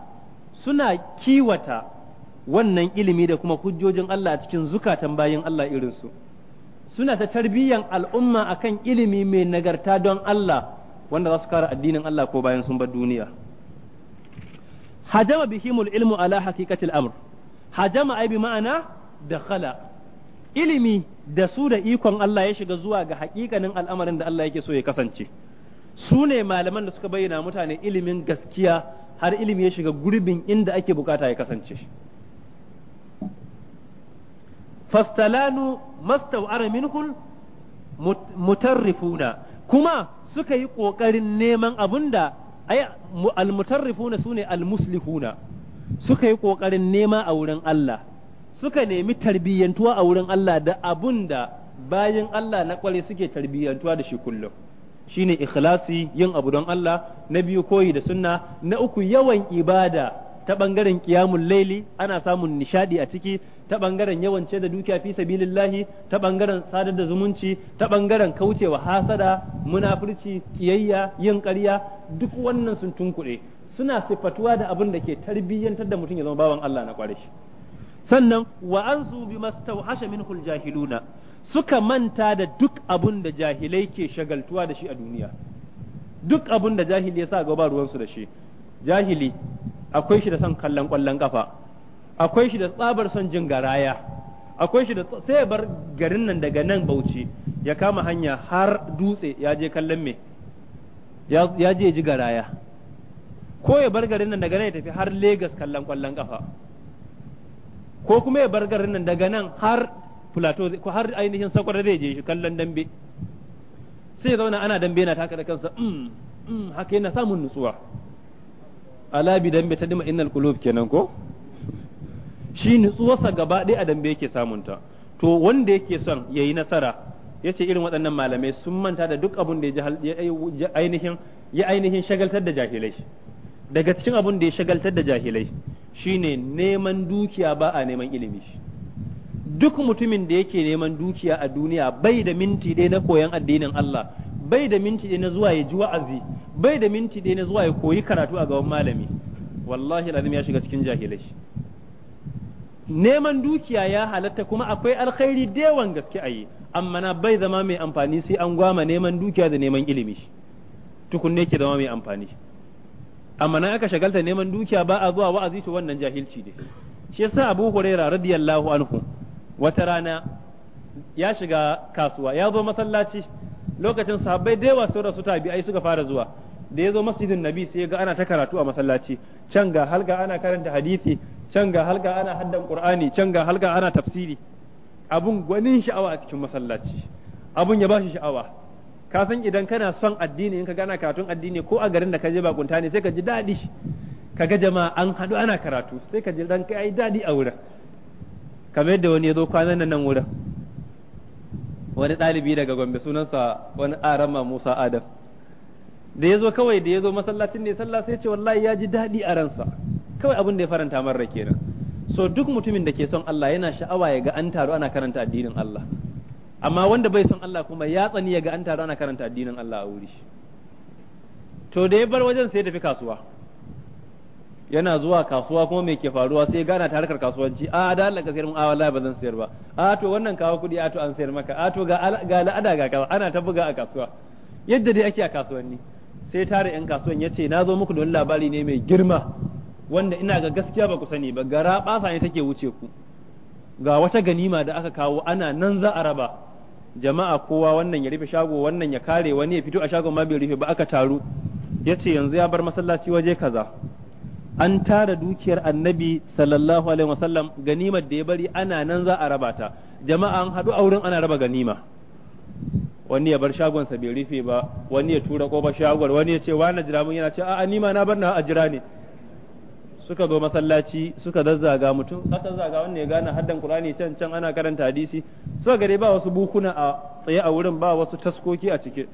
suna kiwata wannan ilimi da kuma hujjojin Allah a cikin zukatan bayin Allah irinsu suna ta tarbiyyan al'umma akan ilimi mai nagarta don Allah wanda za su kare addinin Allah ko bayan sun bar duniya hajama bihimul ilmu ala haqiqatil amr hajama ai ma'ana da khala ilimi da su da ikon Allah ya shiga zuwa ga hakikanin al'amarin da Allah yake so ya kasance su ne malaman da suka bayyana mutane ilimin gaskiya har ilimi ya shiga gurbin inda ake bukata ya kasance fastalanu mastaw'ara minhul mutarrifuna kuma suka yi kokarin neman abunda ay almutarrifuna sune almuslihuna suka yi kokarin nema a wurin Allah suka nemi tarbiyyantuwa a wurin Allah da abunda bayan Allah na kware suke tarbiyyantuwa da shi kullum shine ikhlasi yin abu don Allah na biyu koyi da sunna na uku yawan ibada ta bangaren qiyamul laili ana samun nishadi a ciki ta bangaren yawan ce da dukiya fi sabilillahi ta bangaren sadar da zumunci ta bangaren kaucewa hasada munafurci kiyayya yin ƙarya duk wannan sun tunkuɗe suna sifatuwa da abin da ke tarbiyyantar da mutum ya zama bawan Allah na kware sannan wa ansu bimastawhasha minhul jahiluna suka manta da duk abun da jahilai ke shagaltuwa da shi a duniya duk abun da jahili ya sa gaba ruwansu da shi jahili akwai shi da son kallon kwallon kafa akwai shi da tsabar son jin garaya akwai shi da sai ya bar garin nan daga nan bauchi ya kama hanya har dutse ya je kallon me ya je ji garaya ko ya bar garin nan daga nan ya tafi har Legas kallon kwallon kafa ko kuma ya bar garin nan daga nan har plateau ko har ainihin sakwara zai je shi kallon dambe sai zauna ana dambe na taka da kansa mm, mm, haka yana samun nutsuwa alabi dambe ta dima innal kulub kenan ko shi nutsuwarsa gaba ɗaya a dambe yake samun ta to wanda yake son ya yi nasara ya ce irin waɗannan malamai sun manta da duk abun da ya ainihin ya ainihin shagaltar da jahilai daga cikin abun da ya shagaltar da jahilai shine neman dukiya ba a neman ilimi duk mutumin da yake neman dukiya a duniya bai da minti ɗaya na koyan addinin Allah bai da minti ɗaya na zuwa ya ji wa'azi bai da minti ɗaya na zuwa ya koyi karatu a gaban malami wallahi lazim ya shiga cikin jahilai neman dukiya ya halatta kuma akwai alkhairi da yawan gaske a yi amma na bai zama mai amfani sai an gwama neman dukiya da neman ilimi tukunne ke zama mai amfani amma na aka shagalta neman dukiya ba a zuwa wa'azi to wannan jahilci ne shi yasa Abu Hurairah radiyallahu anhu wata rana ya shiga kasuwa ya zo masallaci lokacin sahabbai da yawa sun rasu ai suka fara zuwa da ya zo masjidin nabi sai ga ana ta karatu a masallaci can ga halga ana karanta hadisi can ga halga ana haddan qur'ani can ga halga ana tafsiri abun gwanin sha'awa a cikin masallaci abun ya bashi sha'awa ka san idan kana son addini in ka gana karatun addini ko a garin da ka je bakunta ne sai ka ji daɗi ka ga jama'a an haɗu ana karatu sai ka ji dan kai ai daɗi a wurin kamar yadda wani ya zo kwanan nan nan wurin wani ɗalibi daga gombe sunansa wani arama musa adam da ya zo kawai da ya zo masallacin ne sallah sai ce wallahi ya ji daɗi a ransa kawai abin da ya faranta marar kenan so duk mutumin da ke son Allah yana sha'awa ya ga an taru ana karanta addinin Allah amma wanda bai son Allah kuma ya tsani ya ga an taru ana karanta addinin Allah a wuri to da ya bar wajen sai ya tafi kasuwa yana zuwa kasuwa kuma me ke faruwa sai gana ta harkar kasuwanci a da Allah ka sayar mun a wallahi ba zan sayar ba a to wannan kawo kudi a to an sayar maka a to ga ga la'ada ga kawa ana ta buga a kasuwa yadda dai ake a kasuwanni sai tare yan kasuwan yace na zo muku da labari ne mai girma wanda ina ga gaskiya ba ku sani ba gara basa ne take wuce ku ga wata ganima da aka kawo ana nan za a raba jama'a kowa wannan ya rufe shago wannan ya kare wani ya fito a shagon ma bai rufe ba aka taru yace yanzu ya bar masallaci waje kaza an tara dukiyar annabi sallallahu alaihi wasallam ganimar da ya bari ana nan za a raba ta jama'a an haɗu a wurin ana raba ganima wani ya bar shagonsa bai rufe ba wani ya tura kofar shagon wani ya ce na jira mun yana ce a'a ni ma na bar na a jira ne suka zo masallaci suka zazzaga mutum aka zaga wanda ya gane haddan qur'ani can can ana karanta hadisi suka gare ba wasu bukuna a tsaye a wurin ba wasu taskoki a cike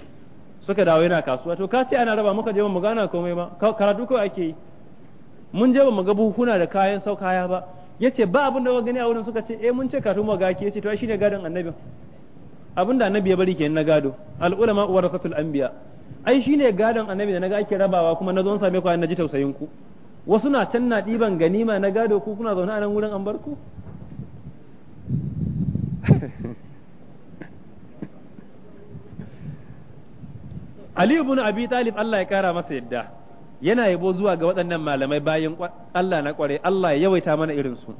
suka dawo yana kasuwa to ka ce ana raba muka je mu gana komai ba karatu kawai ake yi mun je ba mu ga buhuna da kayan sau kaya ba yace ba abin da gani a wurin suka ce eh mun ce kafin mu ga ki yace to ai ne gadon annabi abin da annabi ya bari kenan na gado al ulama warasatul anbiya ai ne gadon annabi da naga ake rabawa kuma nazo an same ku na ji tausayin ku wasu na can na diban ganima na gado ku kuna zaune a nan wurin an bar ku Ali ibn Abi Talib Allah ya kara masa yadda yana yabo zuwa ga waɗannan malamai bayan Allah na ƙware Allah ya yawaita mana irin su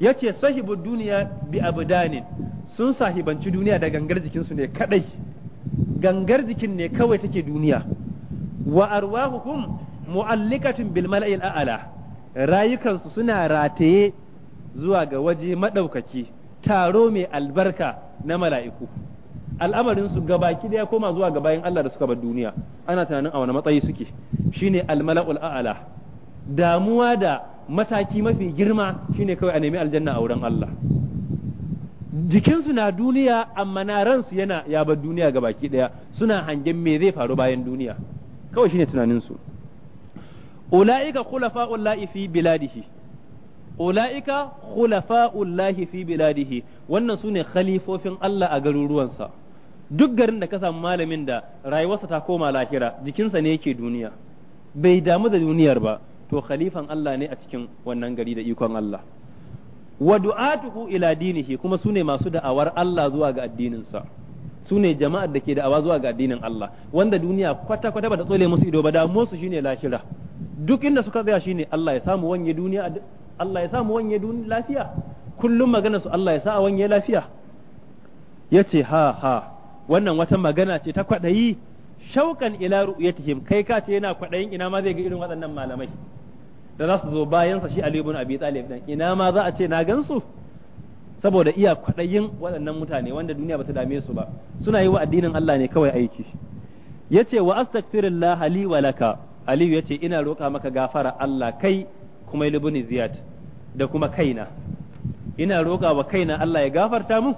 yace sahibu duniya bi danin sun sahibanci duniya da gangar jikinsu ne kadai gangar jikin ne kawai take duniya wa arwahuhum mu'allikatun bil mala'il a'ala rayukansu suna rataye zuwa ga waje maɗaukaki taro mai albarka na mala'iku al'amarin su gabaki daya koma zuwa ga bayan Allah da suka bar duniya ana tunanin a wani matsayi suke shine almala'ul a'ala damuwa da mataki mafi girma shine kawai a nemi aljanna a wurin Allah jikinsu na duniya amma na ransu yana ya bar duniya gabaki daya suna hangen me zai faru bayan duniya kawai shine tunanin su khulafa'ul khulafa'ullahi fi biladihi ula'ika khulafa'ullahi fi biladihi wannan sune ne khalifofin Allah a garuruwansa duk garin da ka samu malamin da rayuwarsa ta koma lahira jikinsa ne yake duniya bai damu da duniyar ba to khalifan Allah ne a cikin wannan gari da ikon Allah wa du'atuhu ila dinihi kuma sune masu da'awar Allah zuwa ga addininsa sune jama'ar da ke da'awa zuwa ga addinin Allah wanda duniya kwata kwata ta tsole musu ido ba da musu shine lahira duk inda suka tsaya shine Allah ya samu wanye duniya Allah ya samu wanye lafiya kullum magana su Allah ya sa a wanye lafiya yace ha ha wannan wata magana ce ta kwaɗayi shaukan ila ru'yatihim kai ka ce yana kwaɗayin ina ma zai ga irin waɗannan malamai da za su zo bayan sa shi Ali ibn Abi Talib dan ina ma za a ce na gansu saboda iya kwaɗayin waɗannan mutane wanda duniya ba ta dame su ba suna yi wa addinin Allah ne kawai aiki yace wa astaghfirullah li wa laka Aliyu yace ina roƙa maka gafara Allah kai kuma ibn Ziyad da kuma kaina ina roƙa wa kaina Allah ya gafarta mun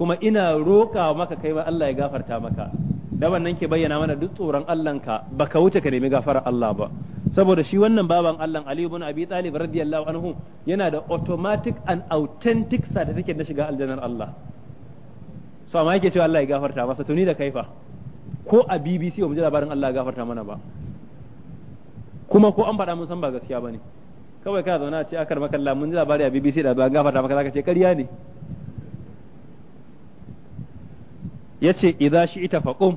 kuma ina roƙa maka kai ba Allah ya gafarta maka da wannan ke bayyana mana duk tsoron Allahnka baka wuce ka nemi gafarar Allah ba saboda shi wannan baban Allah Ali ibn Abi Talib radiyallahu anhu yana da automatic and authentic certificate na shiga aljannar Allah so amma yake cewa Allah ya gafarta masa tuni da kaifa ko a BBC ba mu ji labarin Allah ya gafarta mana ba kuma ko an faɗa mun san ba gaskiya bane kawai ka zauna a ce akar makalla mun ji labari a BBC da ba gafarta maka zaka ce ƙarya ne yace idza shi ita faqum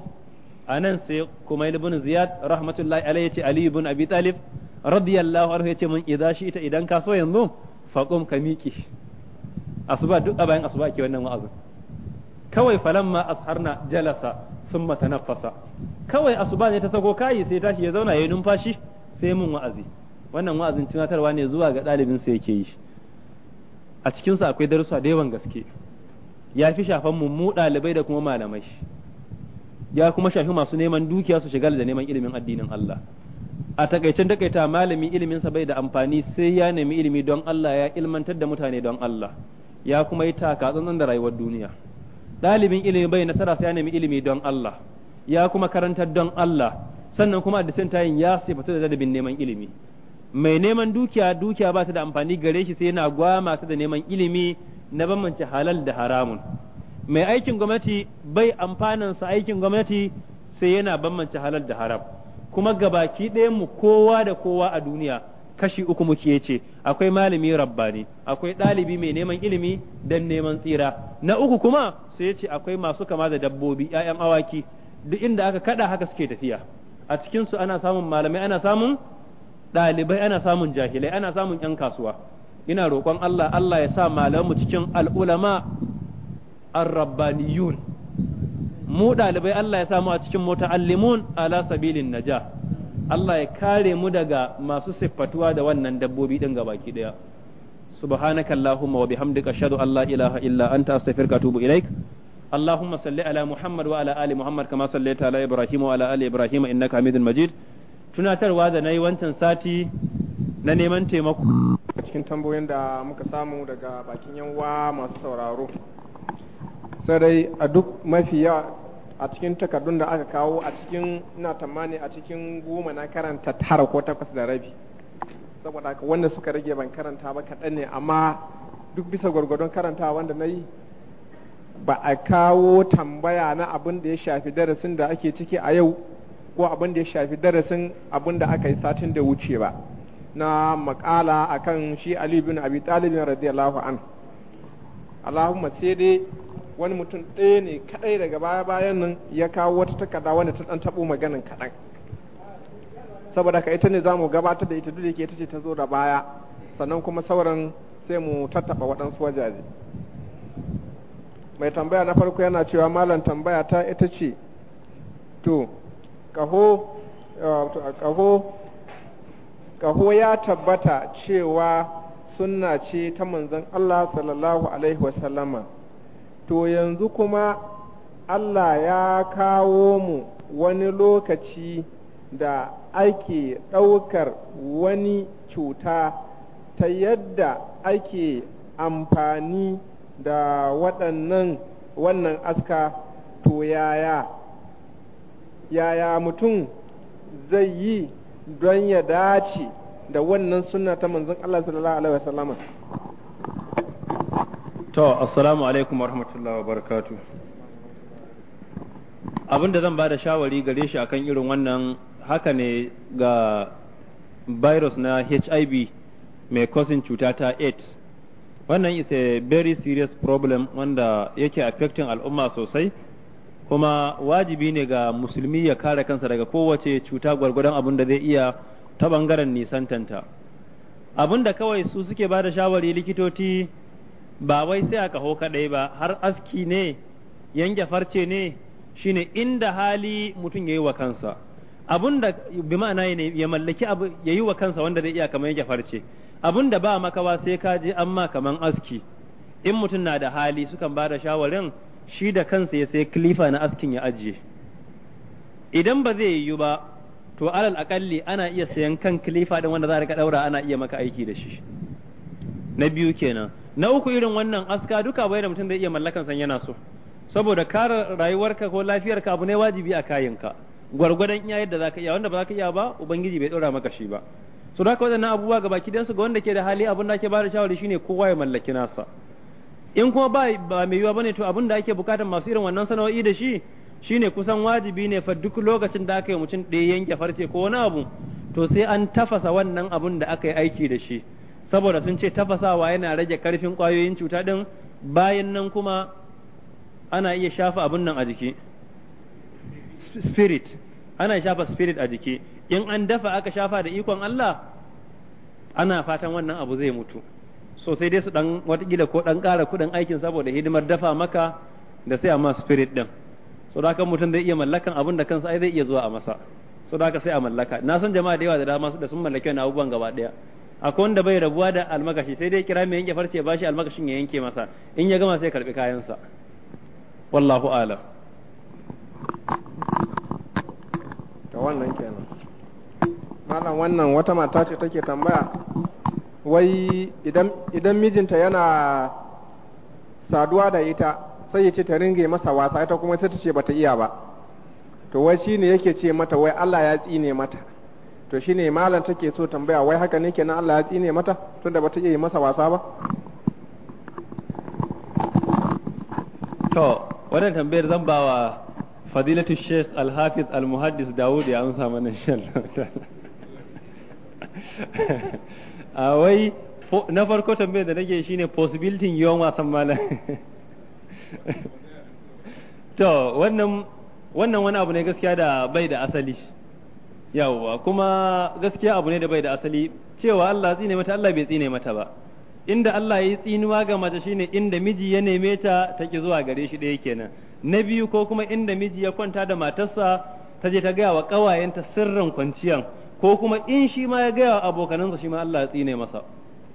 anan sai kuma ibn ziyad rahmatullahi alayhi yace ali ibn abi talib radiyallahu anhu yace mun idza shi ita idan ka so yanzu faqum ka miƙe asuba duk a bayan asuba ke wannan wa'azin kawai falamma asharna jalasa thumma tanaffasa kawai asuba ne ta sako kayi sai tashi ya zauna yayin numfashi sai mun wa'azi wannan wa'azin tunatarwa ne zuwa ga ɗalibin sa yake yi a cikin sa akwai darussa da yawan gaske ya fi shafan mu mu ɗalibai da kuma malamai ya kuma shafi masu neman dukiya su shigar da neman ilimin addinin Allah a takaicen takaita malami ilimin sa bai da amfani sai ya nemi ilimi don Allah ya ilmantar da mutane don Allah ya kuma yi taka tsantsan da rayuwar duniya ɗalibin ilimi bai nasara sai ya nemi ilimi don Allah ya kuma karantar don Allah sannan kuma a tayin ya sifatu da dadabin neman ilimi mai neman dukiya dukiya ba ta da amfani gare shi sai yana gwama ta da neman ilimi na bambance halal da haramun mai aikin gwamnati bai amfaninsa aikin gwamnati sai yana bambance halal da haram kuma gabaki ɗayan mu kowa da kowa a duniya kashi uku muke ce akwai malami rabbani akwai ɗalibi mai neman ilimi dan neman tsira na uku kuma sai yace akwai masu kama da dabbobi ƴaƴan awaki duk inda aka kada haka suke tafiya a cikinsu ana samun malamai ana samun ɗalibai ana samun jahilai ana samun ƴan kasuwa ina roƙon Allah Allah ya sa mu cikin al'ulama ar-rabbaniyun mu ɗalibai Allah ya sa mu a cikin muta'allimun ala sabilin naja Allah ya kare mu daga masu siffatuwa da wannan dabbobi din gaba gabaki daya subhanaka allahumma wa bihamdika ashhadu an la ilaha illa anta astaghfiruka wa atubu ilaik salli اللهم صل على محمد وعلى ال محمد كما صليت على ابراهيم وعلى ال ابراهيم انك hamidun مجيد tunatarwa da nayi wancan sati na neman taimako cikin tambayoyin da muka samu daga bakin yanwa masu sauraro sai dai a duk mafi yawa a cikin takardun da aka kawo a cikin ina tamani a cikin goma na karanta tara ko takwas da rabi saboda haka wanda suka rage ban karanta ba kaɗan ne amma duk bisa gwargwadon karanta wanda na yi ba a kawo tambaya na abin da ya shafi darasin da ake ciki a yau ko abin da ya shafi darasin abin da aka yi satin da wuce ba na makala kan shi Ali bin Abi Talib radiyallahu an Allahumma sai dai wani mutum ɗaya ne kaɗai daga baya bayan nan ya kawo wata takarda wanda ta ɗan taɓo maganin kaɗan saboda ka ita ne za mu gabatar da ita duk da ita ce ta zo da baya sannan kuma sauran sai mu tattaɓa waɗansu wajaje mai tambaya na farko yana cewa malam tambaya ta ita ce to ƙaho, kaho eh, ƙaho ya tabbata cewa sunna ce ta manzon Allah sallallahu alaihi wasallama to yanzu kuma Allah ya kawo mu wani lokaci da ake ɗaukar wani cuta ta yadda ake amfani da waɗannan wannan aska to yaya yaya mutum zai yi don ya dace da wannan suna ta manzon Allah sallallahu alaihi wasallam to assalamu alaikum warahmatullahi wabarakatuh abin da zan ba da shawari gare shi akan irin wannan haka ne ga virus na HIV mai causing cuta ta AIDS wannan is a very serious problem wanda yake affecting al'umma sosai kuma wajibi ne ga musulmi ya kare kansa daga kowace cuta gwargwadon abin da zai iya ta bangaren nisantanta abin da kawai su suke ba da shawari likitoci ba wai sai a kaho kaɗai ba har aski ne yanke farce ne shine inda hali mutum ya yi wa kansa abin da bi ma'ana ya mallaki abu ya yi wa kansa wanda zai iya kamar yanke farce abin da ba makawa sai ka je amma kamar aski in mutum na da hali sukan ba da shawarin shi da kansa ya sai kilifa na askin ya ajiye idan ba zai yiwu ba to alal akalli ana iya sayan kan kilifa din wanda za rika daura ana iya maka aiki da shi na biyu kenan na uku irin wannan aska duka bai da mutum zai iya mallakan san yana so saboda kare rayuwarka ko lafiyarka abu ne wajibi a kayanka gwargwadon iya yadda zaka iya wanda ba ka iya ba ubangiji bai daura maka shi ba so da haka waɗannan abubuwa ga baki su ga wanda ke da hali abin da ke ba shawari shine kowa ya mallaki nasa in kuma ba ba mai yiwa bane to abin da ake bukatar masu irin wannan sana'o'i da shi shine kusan wajibi ne fa duk lokacin da aka yi mutum ɗaya yanke farce ko wani abu to sai an tafasa wannan abun da aka yi aiki da shi saboda sun ce tafasawa yana rage karfin kwayoyin cuta din bayan nan kuma ana iya shafa abun nan a jiki spirit ana shafa spirit a jiki in an dafa aka shafa da ikon Allah ana fatan wannan abu zai mutu so sai dai su dan watakila ko dan ƙara kuɗin aikin saboda hidimar dafa maka da sai amma spirit din so da haka mutum zai iya mallakan abin da kansa ai zai iya zuwa a masa so da haka sai a mallaka na san jama'a da yawa da dama da sun mallaki wani abubuwan gaba daya akwai wanda bai rabuwa da almakashi sai dai kira mai yanke farce ba shi almakashin ya yanke masa in ya gama sai karbi kayansa wallahu alam ta wannan kenan malam wannan wata mata ce take tambaya wai idan mijinta yana saduwa da ita sai ya ce ta ringe masa wasa ita kuma ta ce bata iya ba to wai shine yake ce mata wai Allah ya tsine mata to shine malam take so tambaya wai haka ne kenan Allah ya tsine mata tunda bata iya yi masa wasa ba to wannan tambayar zan ba wa fadilatu sheikh al-hafiz al-muhaddis dawud ya amsa mana insha Allah a wai na farko tambayar da nake shine possibility yawan wasan malam to wannan wannan wani abu ne gaskiya da bai da asali yawwa kuma gaskiya abu ne da bai da asali cewa Allah tsine mata Allah bai tsine mata ba inda Allah ya yi tsinuwa ga mace shine inda miji ya neme ta ta ki zuwa gare shi ɗaya kenan na biyu ko kuma inda miji ya kwanta da matarsa ta je ta gaya wa ƙawayenta sirrin kwanciyan ko kuma in shi ma ya gaya abokanansa shi ma Allah ya tsine masa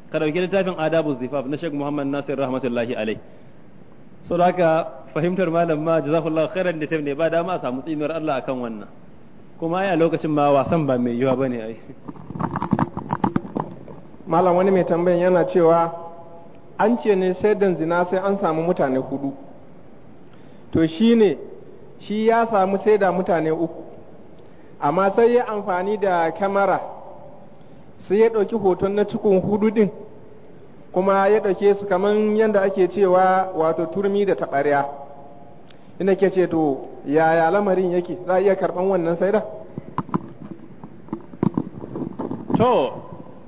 ka dauki littafin adabu zifaf na Sheikh Muhammad Nasir rahmatullahi alai so da haka fahimtar malam ma jazakallahu khairan da ne ba dama a samu tsinuwar Allah akan wannan kuma ai a lokacin ma wasan ba mai yiwa bane ai malam wani mai tambayan yana cewa an ce ne dan zina sai an samu mutane hudu to shi shi ya samu sai da mutane uku amma sai ya amfani da kyamara sai ya ɗauki hoton na cikin hudu ɗin kuma ya ɗauke su kamar yadda ake cewa wato turmi da taɓarya ina ke ce to yaya lamarin yake za a iya karɓan wannan saida to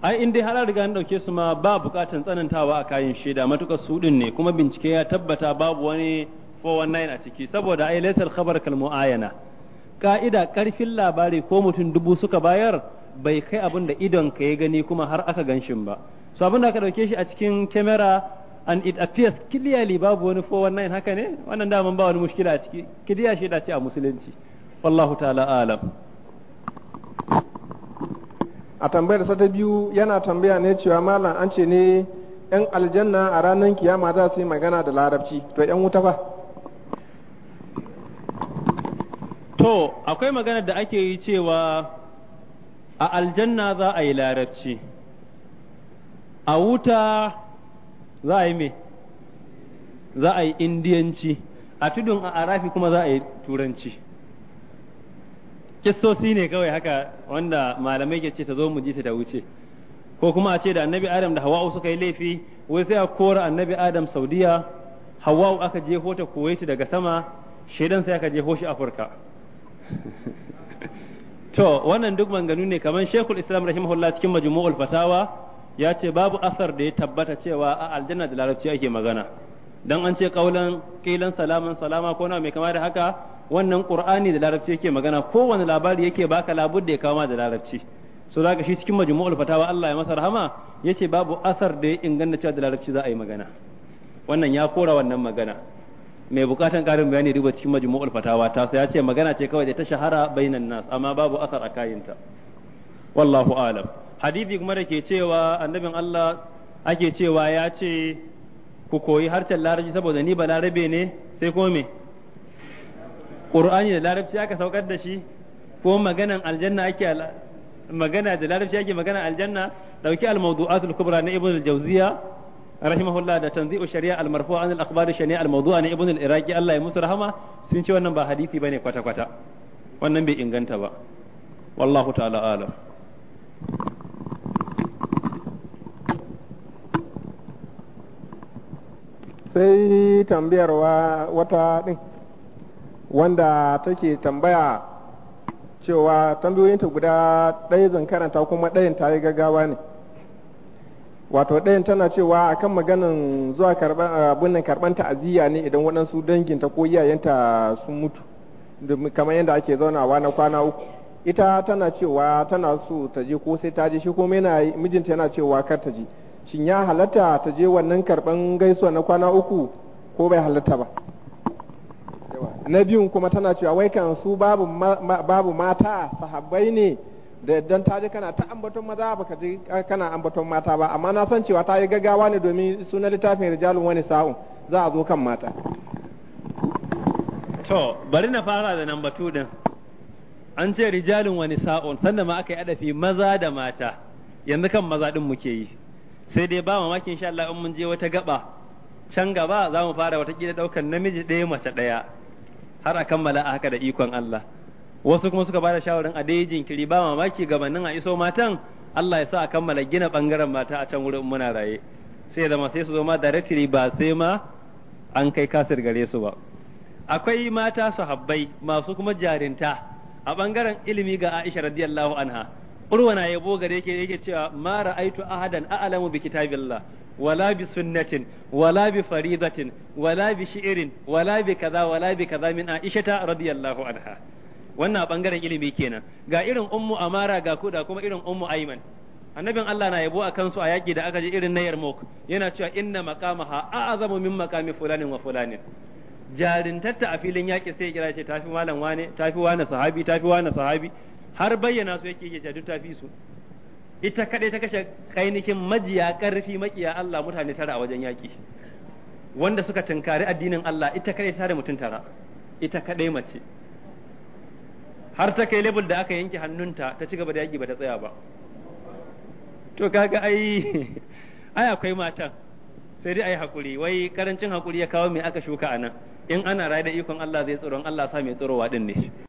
ai in dai har riga an ɗauke su ma ba buƙatan tsanantawa a kayan shaida matuƙar su ɗin ne kuma bincike ya tabbata babu wani 419 a ciki saboda ai laysal khabar kal mu'ayana ka'ida ƙarfin labari ko mutum dubu suka bayar bai kai abin da idon ka ya gani kuma har aka ganshin ba so abin da aka dauke shi a cikin kyamara and it appears clearly babu wani 419 haka ne wannan daman ba wani mushkila a ciki kidiya shi ce a musulunci wallahu ta'ala alam a tambayar sata biyu yana tambaya ne cewa malam an ce ne yan aljanna a ranar kiyama za su yi magana da larabci to yan wuta fa to akwai magana da ake yi cewa a aljanna za a yi larabci a wuta za a yi me za a yi indiyanci a tudun a arafi kuma za a yi turanci kissosi ne kawai haka wanda malamai ke ce ta zo mu ji ta wuce ko kuma a ce da annabi adam da hawa'u suka yi laifi wai sai a kora annabi adam saudiya hawa'u aka je ta koyi daga sama shaidan sai aka je shi afirka to wannan duk manganu ne kamar shekul islam rahimahullah cikin majmu'ul fatawa ya ce babu asar da ya tabbata cewa a aljanna da larabci ake magana dan an ce kaulan kilan salaman salama ko na mai kama da haka wannan qur'ani da larabci yake magana kowane labari yake baka labur da ya kama da larabci so zaka shi cikin majmu'ul fatawa Allah ya masa rahama yace babu asar da ya inganta cewa da larabci za a yi magana wannan ya kora wannan magana mai bukatan karin bayani riba cikin majmu'ul fatawa ta sai ya ce magana ce kawai da ta shahara bainan nas amma babu asar a kayinta wallahu alam hadisi kuma da ke cewa annabin Allah ake cewa ya ce ku koyi harshen larabci saboda ni ba larabe ne sai ko me qur'ani da larabci aka saukar da shi ko maganan aljanna ake magana da larabci ake magana aljanna dauki al-mawdu'atul kubra na ibnu al-jawziya رحمه da ده shari'a الشريعه المرفوع عن الاخبار akhbar الموضوع al ابن ne الله يمس iraqi Allah ya musu rahama sun ce wannan ba hadisi bane kwata kwata wannan bai inganta ba wallahu ta'ala alam sai tambayar wa wata din wanda take tambaya cewa tambayoyinta guda ɗaya zan karanta kuma ɗayan ta yi gaggawa ne wato ɗayan tana cewa akan maganan zuwa abin karɓar ta'aziyya ne idan waɗansu danginta ko iyayenta sun mutu kamar yadda ake zaunawa na kwana uku ita tana cewa tana so ta je ko sai ta je shi kuma yana mijinta yana cewa kar ta je shin ya halatta ta je wannan karɓar gaisuwa na kwana uku ko bai halatta ba na biyun kuma tana cewa wai kan su babu mata sahabbai ne da yadda ta je kana ta ambaton maza baka je kana ambaton mata ba amma na san cewa ta yi gaggawa ne domin sunan littafin rijalun wani sa'un za a zo kan mata to bari na fara da nan batu din an ce rijalun wani sa'un sannan ma aka yi adafi maza da mata yanzu kan maza din muke yi sai dai ba mamakin insha Allah in mun je wata gaba can gaba za mu fara wata kila daukan namiji ɗaya mace ɗaya har a kammala a haka da ikon Allah wasu kuma suka bada shawarin a dai jinkiri ba mamaki gabanin a iso matan Allah ya sa a kammala gina bangaren mata a can wurin muna raye sai zama sai su zo ma directory ba sai ma an kai kasir gare su ba akwai mata su sahabbai masu kuma jarinta a bangaren ilimi ga Aisha radiyallahu anha urwa na yabo gare yake yake cewa ma ra'aitu ahadan a'lamu bi kitabillah wala bi sunnatin wala bi faridatin wala bi shi'rin wala bi kaza wala bi kaza min Aisha radiyallahu anha wannan a bangaren ilimi kenan ga irin ummu amara ga kuda kuma irin ummu aiman annabin Allah na yabo a kansu a yaki da aka je irin na Yarmouk yana cewa inna maqamaha a'zamu min maqami fulanin wa fulanin jarintatta a filin yaki sai kira ce tafi malam wane tafi wane sahabi tafi wane sahabi har bayyana su yake yake duk tafi su ita kade ta kashe kainikin majiya karfi makiya Allah mutane tara a wajen yaki wanda suka tunkari addinin Allah ita kadai tare mutun tara ita kadai mace har ta kai level da aka yanke hannunta ta ci gaba da yaki ba ta tsaya ba to kaga ai ai akwai matan sai dai ai hakuri wai karancin hakuri ya kawo me aka shuka anan in ana raye da ikon Allah zai tsoron Allah sa mai tsorowa din ne